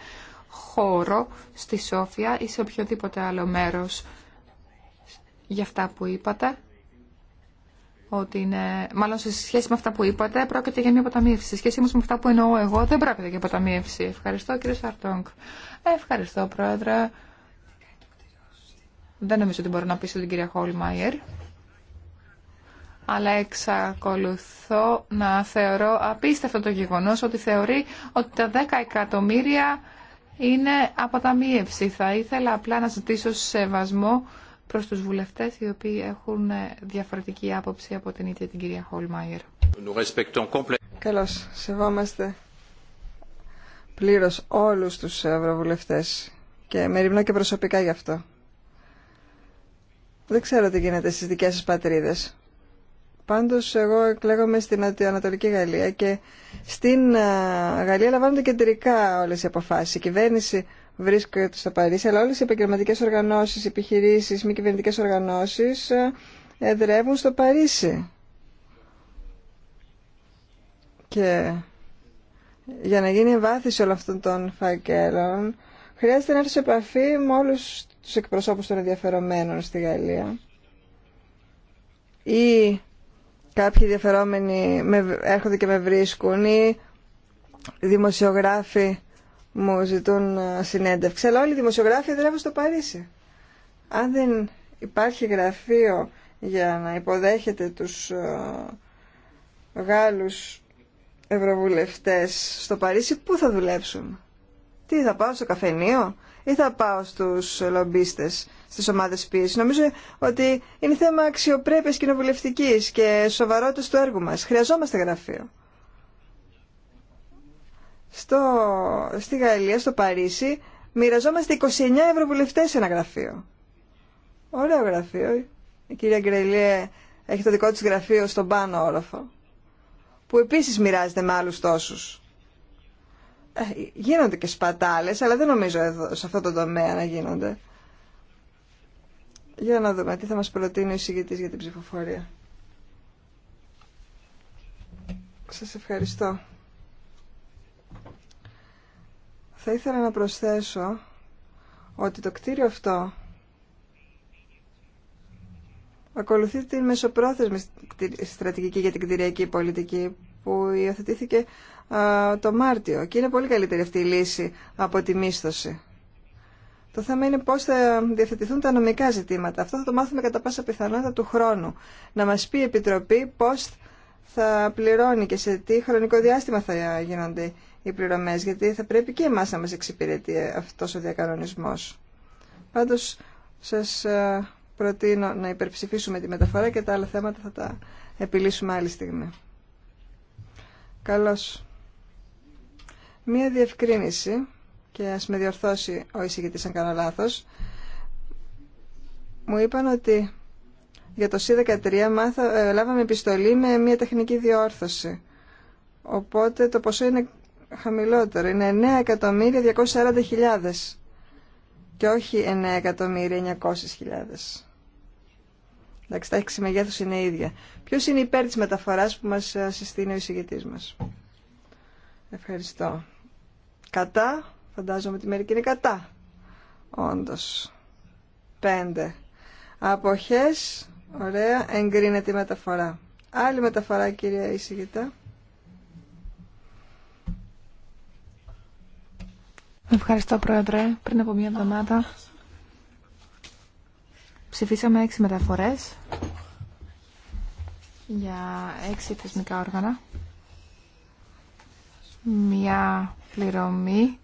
χώρο στη Σόφια ή σε οποιοδήποτε άλλο μέρος για αυτά που είπατε ότι είναι, μάλλον σε σχέση με αυτά που είπατε, πρόκειται για μια αποταμίευση. Σε σχέση όμω με αυτά που εννοώ εγώ, δεν πρόκειται για αποταμίευση. Ευχαριστώ, κύριε Σαρτόγκ. Ευχαριστώ, πρόεδρε. Δεν νομίζω ότι μπορώ να πείσω την κυρία Χόλμαϊερ. Αλλά εξακολουθώ να θεωρώ απίστευτο το γεγονός ότι θεωρεί ότι τα 10 εκατομμύρια είναι αποταμίευση. Θα ήθελα απλά να ζητήσω σεβασμό Προ του βουλευτέ οι οποίοι έχουν ε, διαφορετική άποψη από την ίδια την κυρία Χολμάιερ. Καλώς, σεβόμαστε πλήρω όλους τους ευρωβουλευτέ και ρημνώ και προσωπικά γι' αυτό. Δεν ξέρω τι γίνεται στι δικές σας πατρίδες. Πάντως εγώ εκλέγομαι στην Ανατολική Γαλλία και στην ε, Γαλλία λαμβάνονται κεντρικά όλε οι αποφάσει Η κυβέρνηση βρίσκονται στο Παρίσι, αλλά όλες οι επαγγελματικέ οργανώσεις, οι επιχειρήσεις, μη κυβερνητικέ οργανώσεις ε, εδρεύουν στο Παρίσι. Και για να γίνει βάθηση όλων αυτών των φαγγέλων, χρειάζεται να έρθει σε επαφή με όλους τους εκπροσώπους των ενδιαφερομένων στη Γαλλία. Ή κάποιοι ενδιαφερόμενοι έρχονται και με βρίσκουν, ή δημοσιογράφοι μου ζητούν ε, συνέντευξη, αλλά όλοι οι δημοσιογράφοι δουλεύουν στο Παρίσι. Αν δεν υπάρχει γραφείο για να υποδέχεται τους ε, Γάλλους ευρωβουλευτές στο Παρίσι, πού θα δουλέψουν. Τι θα πάω στο καφενείο ή θα πάω στους λομπίστες, στις ομάδες πίεσης. Νομίζω ότι είναι θέμα αξιοπρέπειας κοινοβουλευτικής και σοβαρότητας του έργου μας. Χρειαζόμαστε γραφείο στο, στη Γαλλία, στο Παρίσι, μοιραζόμαστε 29 ευρωβουλευτέ σε ένα γραφείο. Ωραίο γραφείο. Η κυρία Γκρελιέ έχει το δικό της γραφείο στον πάνω όροφο, που επίσης μοιράζεται με άλλους τόσους. Ε, γίνονται και σπατάλες, αλλά δεν νομίζω σε αυτό το τομέα να γίνονται. Για να δούμε τι θα μας προτείνει ο εισηγητής για την ψηφοφορία. Σας ευχαριστώ. Θα ήθελα να προσθέσω ότι το κτίριο αυτό ακολουθεί την μεσοπρόθεσμη στρατηγική για την κτηριακή πολιτική που υιοθετήθηκε το Μάρτιο και είναι πολύ καλύτερη αυτή η λύση από τη μίσθωση. Το θέμα είναι πώς θα διαθετηθούν τα νομικά ζητήματα. Αυτό θα το μάθουμε κατά πάσα πιθανότητα του χρόνου. Να μας πει η Επιτροπή πώς θα πληρώνει και σε τι χρονικό διάστημα θα γίνονται οι πληρωμές, γιατί θα πρέπει και εμάς να μας εξυπηρετεί αυτός ο διακανονισμός. Πάντως, σας ε, προτείνω να υπερψηφίσουμε τη μεταφορά και τα άλλα θέματα θα τα επιλύσουμε άλλη στιγμή. Καλώς. Μία διευκρίνηση και ας με διορθώσει ο εισηγητής αν κάνω λάθος. Μου είπαν ότι για το C13 μάθα, ε, λάβαμε επιστολή με μία τεχνική διόρθωση. Οπότε το ποσό είναι χαμηλότερο. Είναι 9.240.000 και όχι 9.900.000. Εντάξει, τα έξι μεγέθους είναι ίδια. Ποιος είναι υπέρ της μεταφοράς που μας ε, συστήνει ο εισηγητής μας. Ευχαριστώ. Κατά, φαντάζομαι ότι μερικοί είναι κατά. Όντως. Πέντε. Αποχές, ωραία, εγκρίνεται η μεταφορά. Άλλη μεταφορά, κυρία εισηγητά. Ευχαριστώ, Πρόεδρε. Πριν από μία εβδομάδα ψηφίσαμε έξι μεταφορές για έξι θεσμικά όργανα. Μια πληρωμή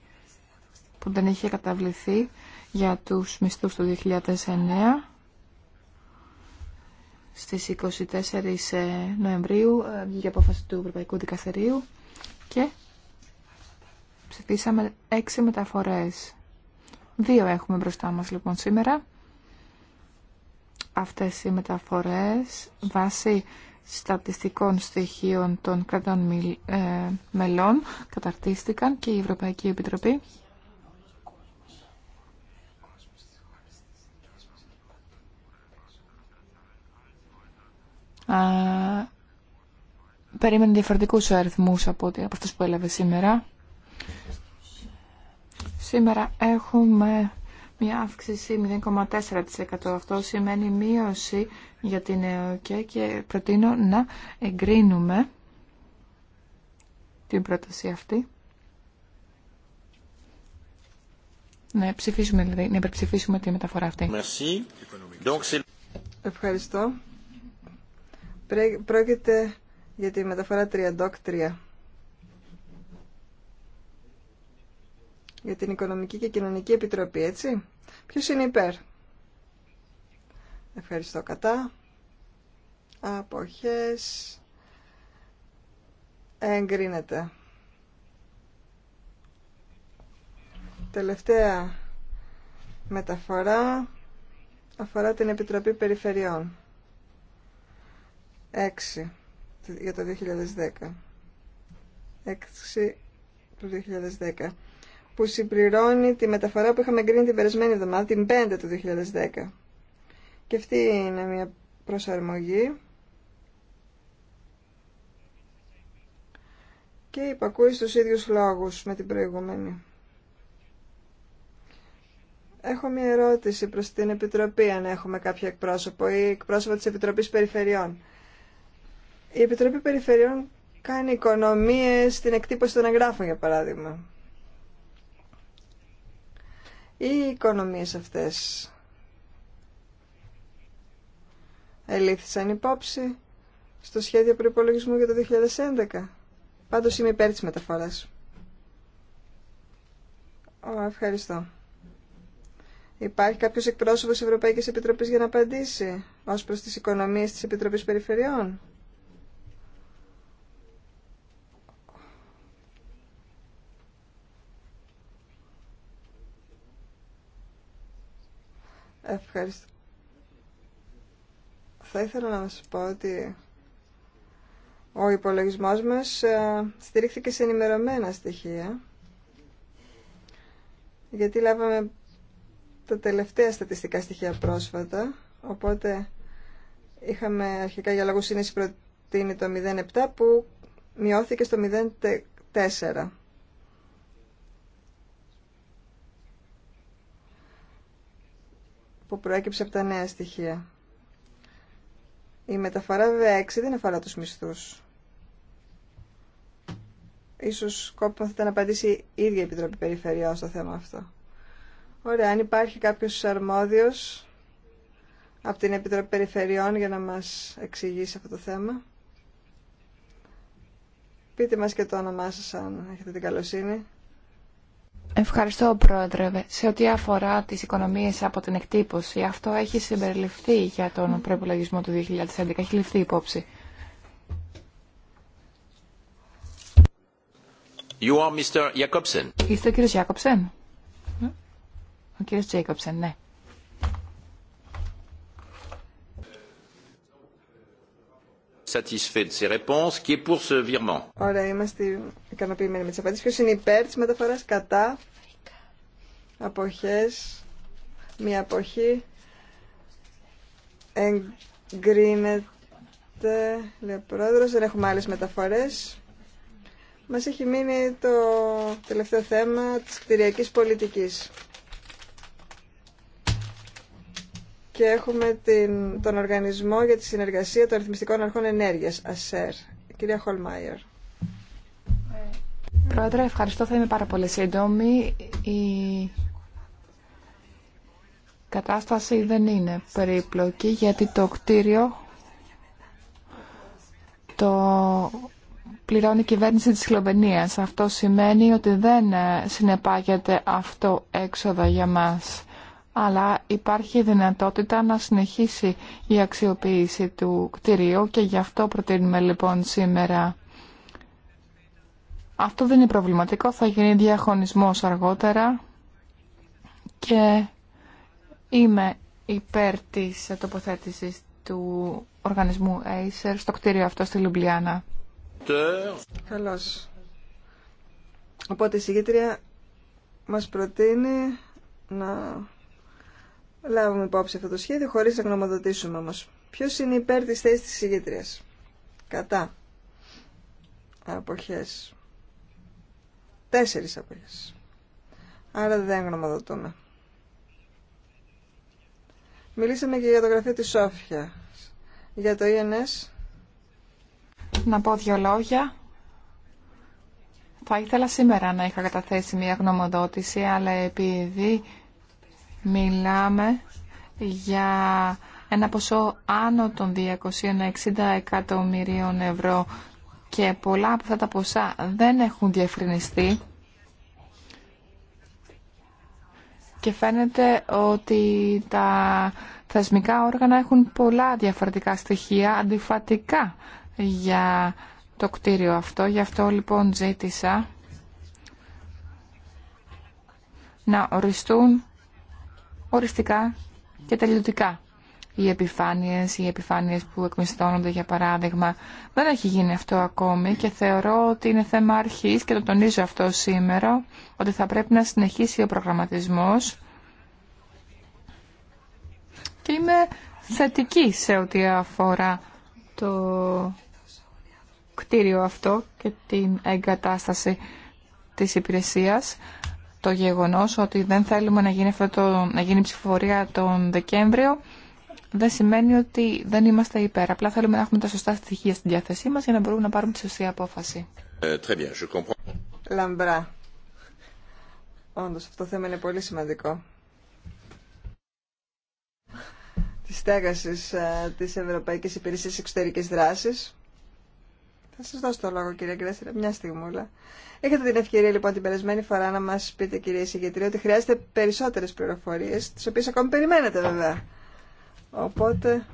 που δεν είχε καταβληθεί για τους μισθούς του 2009 στις 24 ε, Νοεμβρίου ε, βγήκε απόφαση του Ευρωπαϊκού Δικαστηρίου και ψηφίσαμε έξι μεταφορές. Δύο έχουμε μπροστά μας λοιπόν σήμερα. Αυτές οι μεταφορές βάσει στατιστικών στοιχείων των κρατών ε, μελών καταρτίστηκαν και η Ευρωπαϊκή Επιτροπή περίμενε διαφορετικούς αριθμούς από αυτούς που έλαβε σήμερα. Σήμερα έχουμε μια αύξηση 0,4%. Αυτό σημαίνει μείωση για την ΕΟΚΕ και προτείνω να εγκρίνουμε την πρόταση αυτή. Να ψηφίσουμε, δηλαδή, να υπερψηφίσουμε τη μεταφορά αυτή. Ευχαριστώ. Πρόκειται για τη μεταφορά 3, για την Οικονομική και Κοινωνική Επιτροπή, έτσι. Ποιος είναι υπέρ. Ευχαριστώ κατά. Αποχές. Εγκρίνεται. Τελευταία μεταφορά αφορά την Επιτροπή Περιφερειών. 6 για το 2010. 6 του 2010 που συμπληρώνει τη μεταφορά που είχαμε εγκρίνει την περασμένη εβδομάδα, την 5 του 2010. Και αυτή είναι μια προσαρμογή. Και υπακούει στους ίδιους λόγους με την προηγούμενη. Έχω μια ερώτηση προς την Επιτροπή, αν έχουμε κάποιο εκπρόσωπο ή εκπρόσωπο της Επιτροπής Περιφερειών. Η Επιτροπή Περιφερειών κάνει οικονομίες στην εκτύπωση των εγγράφων, για παράδειγμα οι οικονομίες αυτές ελήφθησαν υπόψη στο σχέδιο προϋπολογισμού για το 2011. Πάντως είμαι υπέρ της μεταφοράς. Ω, ευχαριστώ. Υπάρχει κάποιος εκπρόσωπος Ευρωπαϊκής Επιτροπής για να απαντήσει ως προς τις οικονομίες της Επιτροπής Περιφερειών. Ευχαριστώ. Θα ήθελα να σας πω ότι ο υπολογισμός μας ε, στηρίχθηκε σε ενημερωμένα στοιχεία γιατί λάβαμε τα τελευταία στατιστικά στοιχεία πρόσφατα οπότε είχαμε αρχικά για λόγους σύνεση προτείνει το 0,7 που μειώθηκε στο 0,4 που προέκυψε από τα νέα στοιχεία. Η μεταφορά βέβαια 6 δεν αφορά τους μισθούς. Ίσως κόπημα θα ήταν να απαντήσει η ίδια η Επιτροπή Περιφερειών στο θέμα αυτό. Ωραία, αν υπάρχει κάποιος αρμόδιος από την Επιτροπή Περιφερειών για να μας εξηγήσει αυτό το θέμα. Πείτε μας και το όνομά σας αν έχετε την καλοσύνη. Ευχαριστώ, Πρόεδρε. Σε ό,τι αφορά τις οικονομίες από την εκτύπωση, αυτό έχει συμπεριληφθεί για τον προϋπολογισμό του 2011. Έχει ληφθεί υπόψη. You are Mr. Είστε ο κύριος Jacobsen. Ο κύριος Jacobsen, ναι. Ωραία, είμαστε ικανοποιημένοι με τις απαντήσεις. Ποιος είναι υπέρ της μεταφοράς κατά αποχές, μία αποχή εγκρίνεται, λέει ο πρόεδρος, δεν έχουμε άλλες μεταφορές. Μας έχει μείνει το τελευταίο θέμα της κτηριακής πολιτικής. και έχουμε την, τον Οργανισμό για τη Συνεργασία των Ρυθμιστικών Αρχών Ενέργειας, ΑΣΕΡ. Κυρία Χολμάιερ. Πρόεδρε, ευχαριστώ. Θα είμαι πάρα πολύ σύντομη. Η κατάσταση δεν είναι περίπλοκη γιατί το κτίριο το πληρώνει η κυβέρνηση της Σλοβενίας. Αυτό σημαίνει ότι δεν συνεπάγεται αυτό έξοδα για μας αλλά υπάρχει δυνατότητα να συνεχίσει η αξιοποίηση του κτηρίου και γι' αυτό προτείνουμε λοιπόν σήμερα. Αυτό δεν είναι προβληματικό, θα γίνει διαχωνισμός αργότερα και είμαι υπέρ της τοποθέτησης του οργανισμού Acer στο κτίριο αυτό στη Λουμπλιάνα. Καλώς. Οπότε η μας προτείνει να λάβουμε υπόψη αυτό το σχέδιο χωρίς να γνωμοδοτήσουμε όμως. Ποιος είναι υπέρ της θέσης της ηγετρίας. Κατά. Αποχές. Τέσσερις αποχές. Άρα δεν γνωμοδοτούμε. Μιλήσαμε και για το γραφείο της Σόφια. Για το INS. Να πω δύο λόγια. Θα ήθελα σήμερα να είχα καταθέσει μια γνωμοδότηση, αλλά επειδή Μιλάμε για ένα ποσό άνω των 260 εκατομμυρίων ευρώ και πολλά από αυτά τα ποσά δεν έχουν διευκρινιστεί και φαίνεται ότι τα θεσμικά όργανα έχουν πολλά διαφορετικά στοιχεία αντιφατικά για το κτίριο αυτό. Γι' αυτό λοιπόν ζήτησα να οριστούν οριστικά και τελειωτικά. Οι επιφάνειες, οι επιφάνειες που εκμισθώνονται για παράδειγμα. Δεν έχει γίνει αυτό ακόμη και θεωρώ ότι είναι θέμα αρχής και το τονίζω αυτό σήμερα ότι θα πρέπει να συνεχίσει ο προγραμματισμός και είμαι θετική σε ό,τι αφορά το κτίριο αυτό και την εγκατάσταση της υπηρεσίας το γεγονός ότι δεν θέλουμε να γίνει, αυτό να γίνει ψηφοφορία τον Δεκέμβριο δεν σημαίνει ότι δεν είμαστε υπέρ. Απλά θέλουμε να έχουμε τα σωστά στοιχεία στην διάθεσή μας για να μπορούμε να πάρουμε τη σωστή απόφαση. Ε, Λαμπρά. Όντως, αυτό το θέμα είναι πολύ σημαντικό. Τη στέγαση ε, της Ευρωπαϊκής Υπηρεσίας Εξωτερικής Δράσης. Θα σα δώσω το λόγο κυρία Γκρέσλε, μια στιγμούλα. Έχετε την ευκαιρία λοιπόν την περασμένη φορά να μα πείτε κυρία Συγγετρία ότι χρειάζεται περισσότερε πληροφορίε τι οποίε ακόμη περιμένετε βέβαια. Οπότε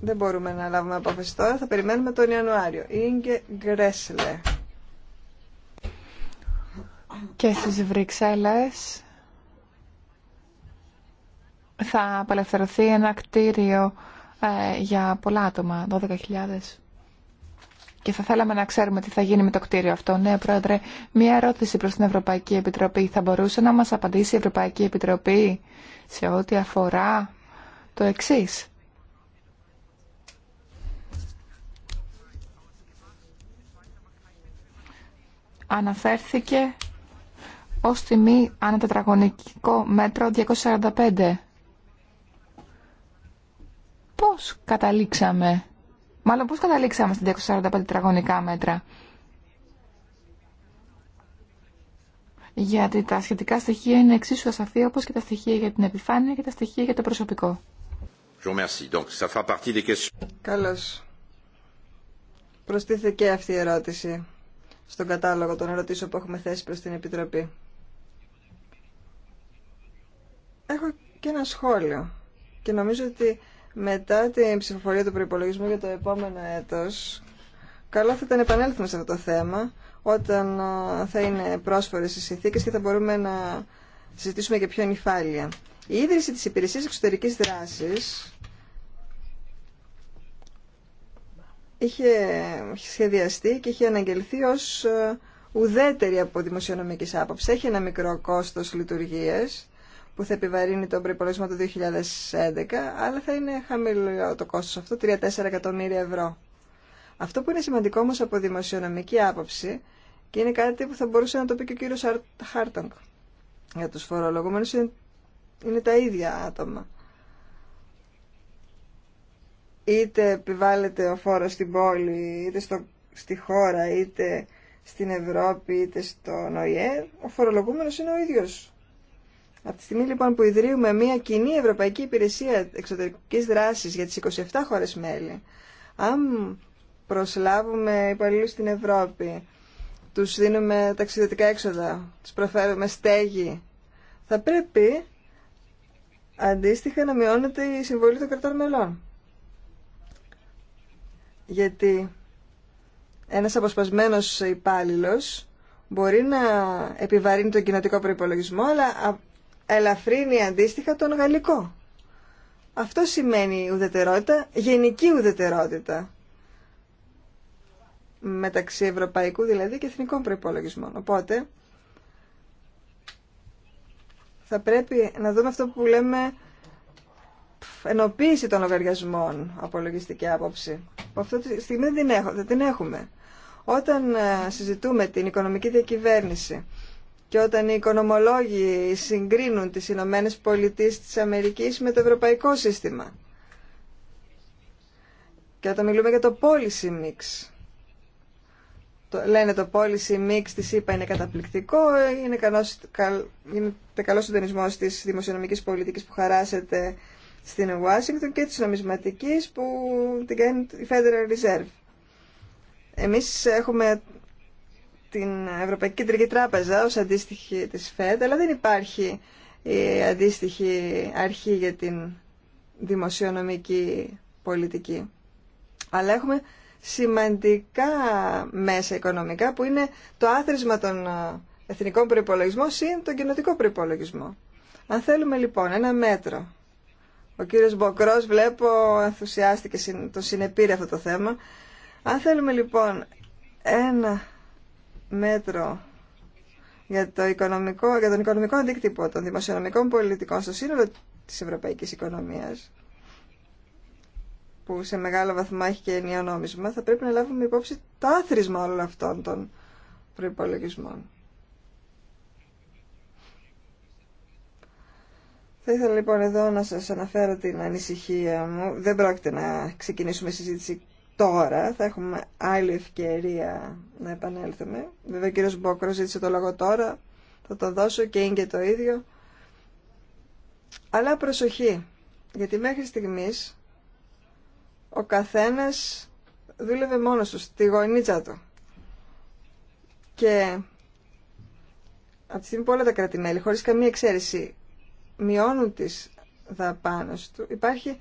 δεν μπορούμε να λάβουμε απόφαση τώρα, θα περιμένουμε τον Ιανουάριο. Ίγκε Γκρέσλε. Και στι Βρυξέλλε θα απελευθερωθεί ένα κτίριο ε, για πολλά άτομα, 12.000 και θα θέλαμε να ξέρουμε τι θα γίνει με το κτίριο αυτό. Ναι, Πρόεδρε, μία ερώτηση προς την Ευρωπαϊκή Επιτροπή. Θα μπορούσε να μας απαντήσει η Ευρωπαϊκή Επιτροπή σε ό,τι αφορά το εξή. Αναφέρθηκε ως τιμή ανά τετραγωνικό μέτρο 245. Πώς καταλήξαμε Μάλλον πώς καταλήξαμε στην 245 τετραγωνικά μέτρα. Γιατί τα σχετικά στοιχεία είναι εξίσου ασαφή όπως και τα στοιχεία για την επιφάνεια και τα στοιχεία για το προσωπικό. Καλώς. και αυτή η ερώτηση στον κατάλογο των ερωτήσεων που έχουμε θέσει προς την Επιτροπή. Έχω και ένα σχόλιο και νομίζω ότι μετά την ψηφοφορία του προπολογισμού για το επόμενο έτος, καλό θα ήταν επανέλθουμε σε αυτό το θέμα, όταν θα είναι πρόσφορες οι συνθήκες και θα μπορούμε να συζητήσουμε και πιο νυφάλια. Η ίδρυση της υπηρεσίας εξωτερικής δράσης είχε σχεδιαστεί και είχε αναγγελθεί ως ουδέτερη από δημοσιονομικής άποψη. Έχει ένα μικρό κόστος λειτουργίας που θα επιβαρύνει τον προπολογισμό του 2011, αλλά θα είναι χαμηλό το κόστος αυτό, 3-4 εκατομμύρια ευρώ. Αυτό που είναι σημαντικό όμως από δημοσιονομική άποψη και είναι κάτι που θα μπορούσε να το πει και ο κύριος Χάρτονγκ για τους φορολογούμενους είναι, τα ίδια άτομα. Είτε επιβάλλεται ο φόρος στην πόλη, είτε στο, στη χώρα, είτε στην Ευρώπη, είτε στον ΟΗΕ, ο φορολογούμενος είναι ο ίδιος από τη στιγμή λοιπόν που ιδρύουμε μια κοινή Ευρωπαϊκή Υπηρεσία Εξωτερικής Δράσης για τις 27 χώρες μέλη, αν προσλάβουμε υπαλλήλους στην Ευρώπη, τους δίνουμε ταξιδιωτικά έξοδα, τους προφέρουμε στέγη, θα πρέπει αντίστοιχα να μειώνεται η συμβολή των κρατών μελών. Γιατί ένας αποσπασμένος υπάλληλο μπορεί να επιβαρύνει τον κοινοτικό προϋπολογισμό, αλλά ελαφρύνει αντίστοιχα τον γαλλικό. Αυτό σημαίνει ουδετερότητα, γενική ουδετερότητα μεταξύ ευρωπαϊκού δηλαδή και εθνικών προϋπολογισμών. Οπότε θα πρέπει να δούμε αυτό που λέμε ενοποίηση των λογαριασμών από λογιστική άποψη. Αυτό τη στιγμή δεν την, έχουμε. Όταν ε, συζητούμε την οικονομική διακυβέρνηση και όταν οι οικονομολόγοι συγκρίνουν τις Ηνωμένε Πολιτείες της Αμερικής με το ευρωπαϊκό σύστημα. Και όταν μιλούμε για το policy mix. Το, λένε το policy mix της ΕΠΑ ΕΕ είναι καταπληκτικό, είναι, καλός, καλ, είναι καλός συντονισμός της δημοσιονομικής πολιτικής που χαράσεται στην Ουάσιγκτον και της νομισματικής που την κάνει η Federal Reserve. Εμείς έχουμε την Ευρωπαϊκή Κεντρική Τράπεζα ως αντίστοιχη της ΦΕΔ, αλλά δεν υπάρχει η αντίστοιχη αρχή για την δημοσιονομική πολιτική. Αλλά έχουμε σημαντικά μέσα οικονομικά που είναι το άθροισμα των ε, εθνικών προϋπολογισμών συν τον κοινοτικό προϋπολογισμό. Αν θέλουμε λοιπόν ένα μέτρο, ο κύριος Μποκρός βλέπω ενθουσιάστηκε, το συνεπήρε αυτό το θέμα, αν θέλουμε λοιπόν ένα μέτρο για, το οικονομικό, για τον οικονομικό αντίκτυπο των δημοσιονομικών πολιτικών στο σύνολο της ευρωπαϊκής οικονομίας που σε μεγάλο βαθμό έχει και ενιαίο νόμισμα, θα πρέπει να λάβουμε υπόψη το άθροισμα όλων αυτών των προϋπολογισμών. Θα ήθελα λοιπόν εδώ να σας αναφέρω την ανησυχία μου. Δεν πρόκειται να ξεκινήσουμε συζήτηση τώρα, θα έχουμε άλλη ευκαιρία να επανέλθουμε. Βέβαια ο κύριος Μπόκρος ζήτησε το λόγο τώρα, θα το δώσω και είναι και το ίδιο. Αλλά προσοχή, γιατί μέχρι στιγμής ο καθένας δούλευε μόνος του, στη γονίτσα του. Και από τη στιγμή που όλα τα κρατημέλη, χωρίς καμία εξαίρεση, μειώνουν τις δαπάνες του, υπάρχει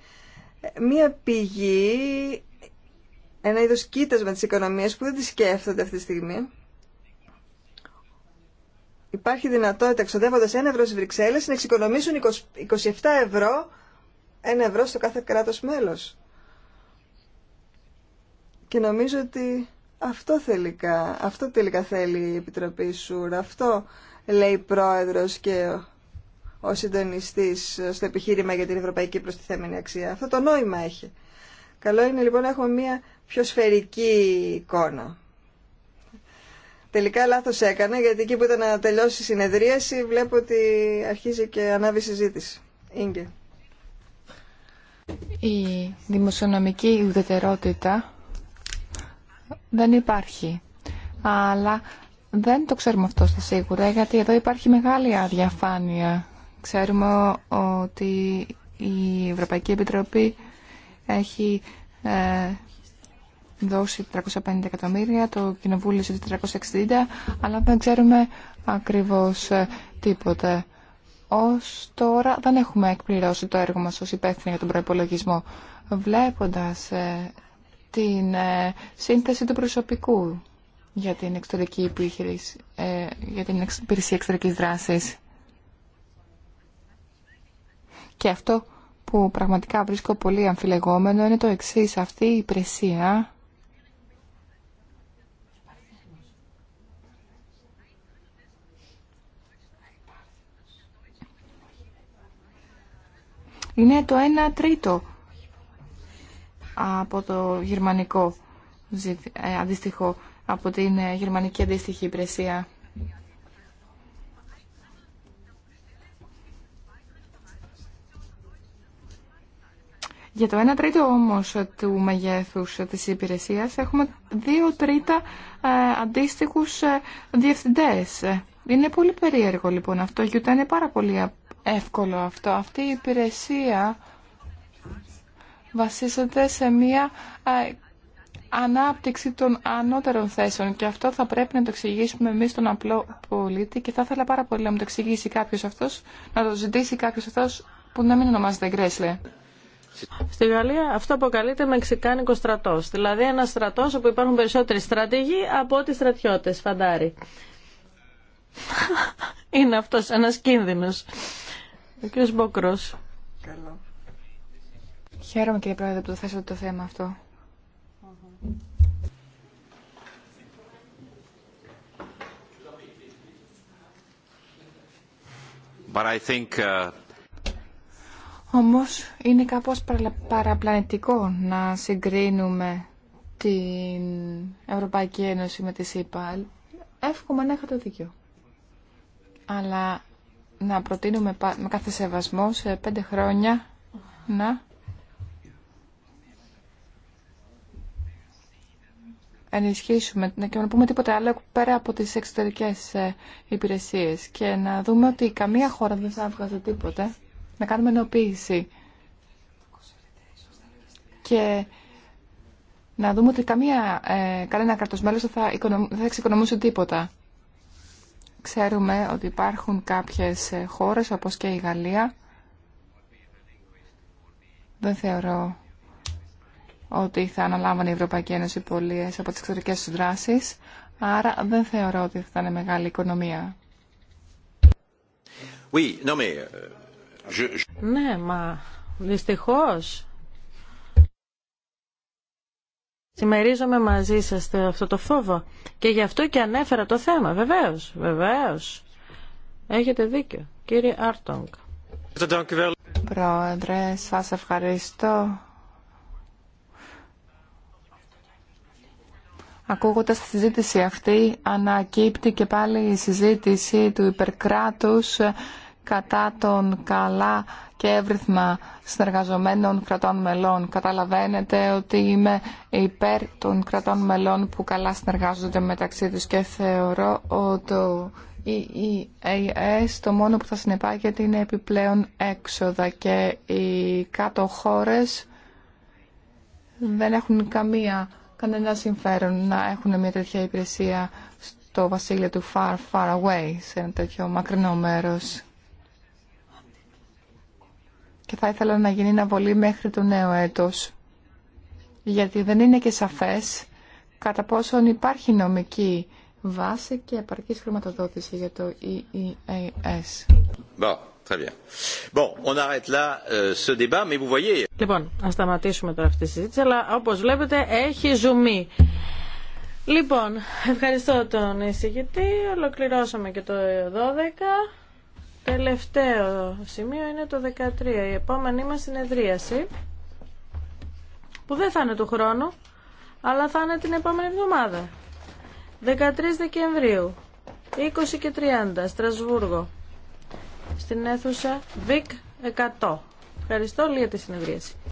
μία πηγή ένα είδος κοίτασμα της οικονομίας που δεν τη σκέφτονται αυτή τη στιγμή. Υπάρχει δυνατότητα εξοδεύοντας 1 ευρώ στις Βρυξέλλες να εξοικονομήσουν 27 ευρώ, 1 ευρώ στο κάθε κράτος μέλος. Και νομίζω ότι αυτό τελικά, αυτό τελικά θέλει η Επιτροπή ΣΟΥΡ, αυτό λέει πρόεδρος και ο συντονιστής στο επιχείρημα για την ευρωπαϊκή προστιθέμενη αξία. Αυτό το νόημα έχει. Καλό είναι λοιπόν να έχουμε μια πιο σφαιρική εικόνα. Τελικά λάθος έκανα γιατί εκεί που ήταν να τελειώσει η συνεδρίαση βλέπω ότι αρχίζει και ανάβει η συζήτηση. Ίγκε. Η δημοσιονομική ουδετερότητα δεν υπάρχει. Αλλά δεν το ξέρουμε αυτό στα σίγουρα, γιατί εδώ υπάρχει μεγάλη αδιαφάνεια. Ξέρουμε ότι η Ευρωπαϊκή Επιτροπή έχει ε, δώσει 350 εκατομμύρια, το κοινοβούλιο σε 460, αλλά δεν ξέρουμε ακριβώς ε, τίποτε. Ως τώρα δεν έχουμε εκπληρώσει το έργο μας ως υπεύθυνοι για τον προϋπολογισμό. Βλέποντας ε, την ε, σύνθεση του προσωπικού για την εξωτερική ε, για την υπηρεσία εξωτερικής δράσης. Και αυτό που πραγματικά βρίσκω πολύ αμφιλεγόμενο είναι το εξής. Αυτή η υπηρεσία είναι το 1 τρίτο από το γερμανικό ε, αντίστοιχο, από την ε, γερμανική αντίστοιχη υπηρεσία. Για το 1 τρίτο όμως του μεγέθους της υπηρεσίας έχουμε 2 τρίτα ε, αντίστοιχους ε, διευθυντές. Είναι πολύ περίεργο λοιπόν αυτό και ούτε είναι πάρα πολύ εύκολο αυτό. Αυτή η υπηρεσία βασίζεται σε μια ε, ανάπτυξη των ανώτερων θέσεων και αυτό θα πρέπει να το εξηγήσουμε εμείς τον απλό πολίτη και θα ήθελα πάρα πολύ να μου το εξηγήσει κάποιος αυτός, να το ζητήσει κάποιος αυτός που να μην ονομάζεται Γκρέσλε. Στη Γαλλία αυτό αποκαλείται Μεξικάνικο στρατό. Δηλαδή ένα στρατό όπου υπάρχουν περισσότεροι στρατηγοί από ό,τι στρατιώτε. Φαντάρι. Είναι αυτό ένα κίνδυνο. Ο κ. Μπόκρο. Χαίρομαι κύριε Πρόεδρε που το θέσατε το θέμα αυτό. But I uh, όμως είναι κάπως παραπλανητικό να συγκρίνουμε την Ευρωπαϊκή Ένωση με τη ΣΥΠΑ. Εύχομαι να το δίκιο. Αλλά να προτείνουμε με κάθε σεβασμό σε πέντε χρόνια να ενισχύσουμε και να πούμε τίποτα άλλο πέρα από τις εξωτερικές ε, υπηρεσίες και να δούμε ότι καμία χώρα δεν θα έβγαζε τίποτα να κάνουμε ενοποίηση και να δούμε ότι καμία, ε, κανένα κράτος μέλος δεν θα, θα εξοικονομούσε τίποτα. Ξέρουμε ότι υπάρχουν κάποιες ε, χώρες, όπως και η Γαλλία, δεν θεωρώ ότι θα αναλάμβανε η Ευρωπαϊκή Ένωση πολλές από τις εξωτερικές του δράσεις, άρα δεν θεωρώ ότι θα είναι μεγάλη οικονομία. Oui, non mais... Euh, ναι, μα Δυστυχώ. Συμμερίζομαι μαζί σας αυτό το φόβο και γι' αυτό και ανέφερα το θέμα. Βεβαίως, βεβαίως. Έχετε δίκιο, κύριε Άρτογκ. Πρόεδρε, σας ευχαριστώ. Ακούγοντα τη συζήτηση αυτή, ανακύπτει και πάλι η συζήτηση του υπερκράτους κατά των καλά και εύρυθμα συνεργαζομένων κρατών μελών. Καταλαβαίνετε ότι είμαι υπέρ των κρατών μελών που καλά συνεργάζονται μεταξύ τους και θεωρώ ότι το EEAS το μόνο που θα συνεπάγεται είναι επιπλέον έξοδα και οι κάτω χώρες δεν έχουν καμία, κανένα συμφέρον να έχουν μια τέτοια υπηρεσία στο βασίλειο του Far Far Away, σε ένα τέτοιο μακρινό μέρος και θα ήθελα να γίνει αναβολή μέχρι το νέο έτος. Γιατί δεν είναι και σαφές κατά πόσον υπάρχει νομική βάση και επαρκής χρηματοδότηση για το EEAS. Euh, λοιπόν, ας σταματήσουμε τώρα αυτή τη συζήτηση, αλλά όπως βλέπετε έχει ζουμί. Λοιπόν, ευχαριστώ τον εισηγητή. Ολοκληρώσαμε και το 12. Τελευταίο σημείο είναι το 13, η επόμενή μας συνεδρίαση, που δεν θα είναι του χρόνου, αλλά θα είναι την επόμενη εβδομάδα. 13 Δεκεμβρίου, 20 και 30, Στρασβούργο, στην αίθουσα ΒΙΚ 100. Ευχαριστώ, λίγα τη συνεδρίαση.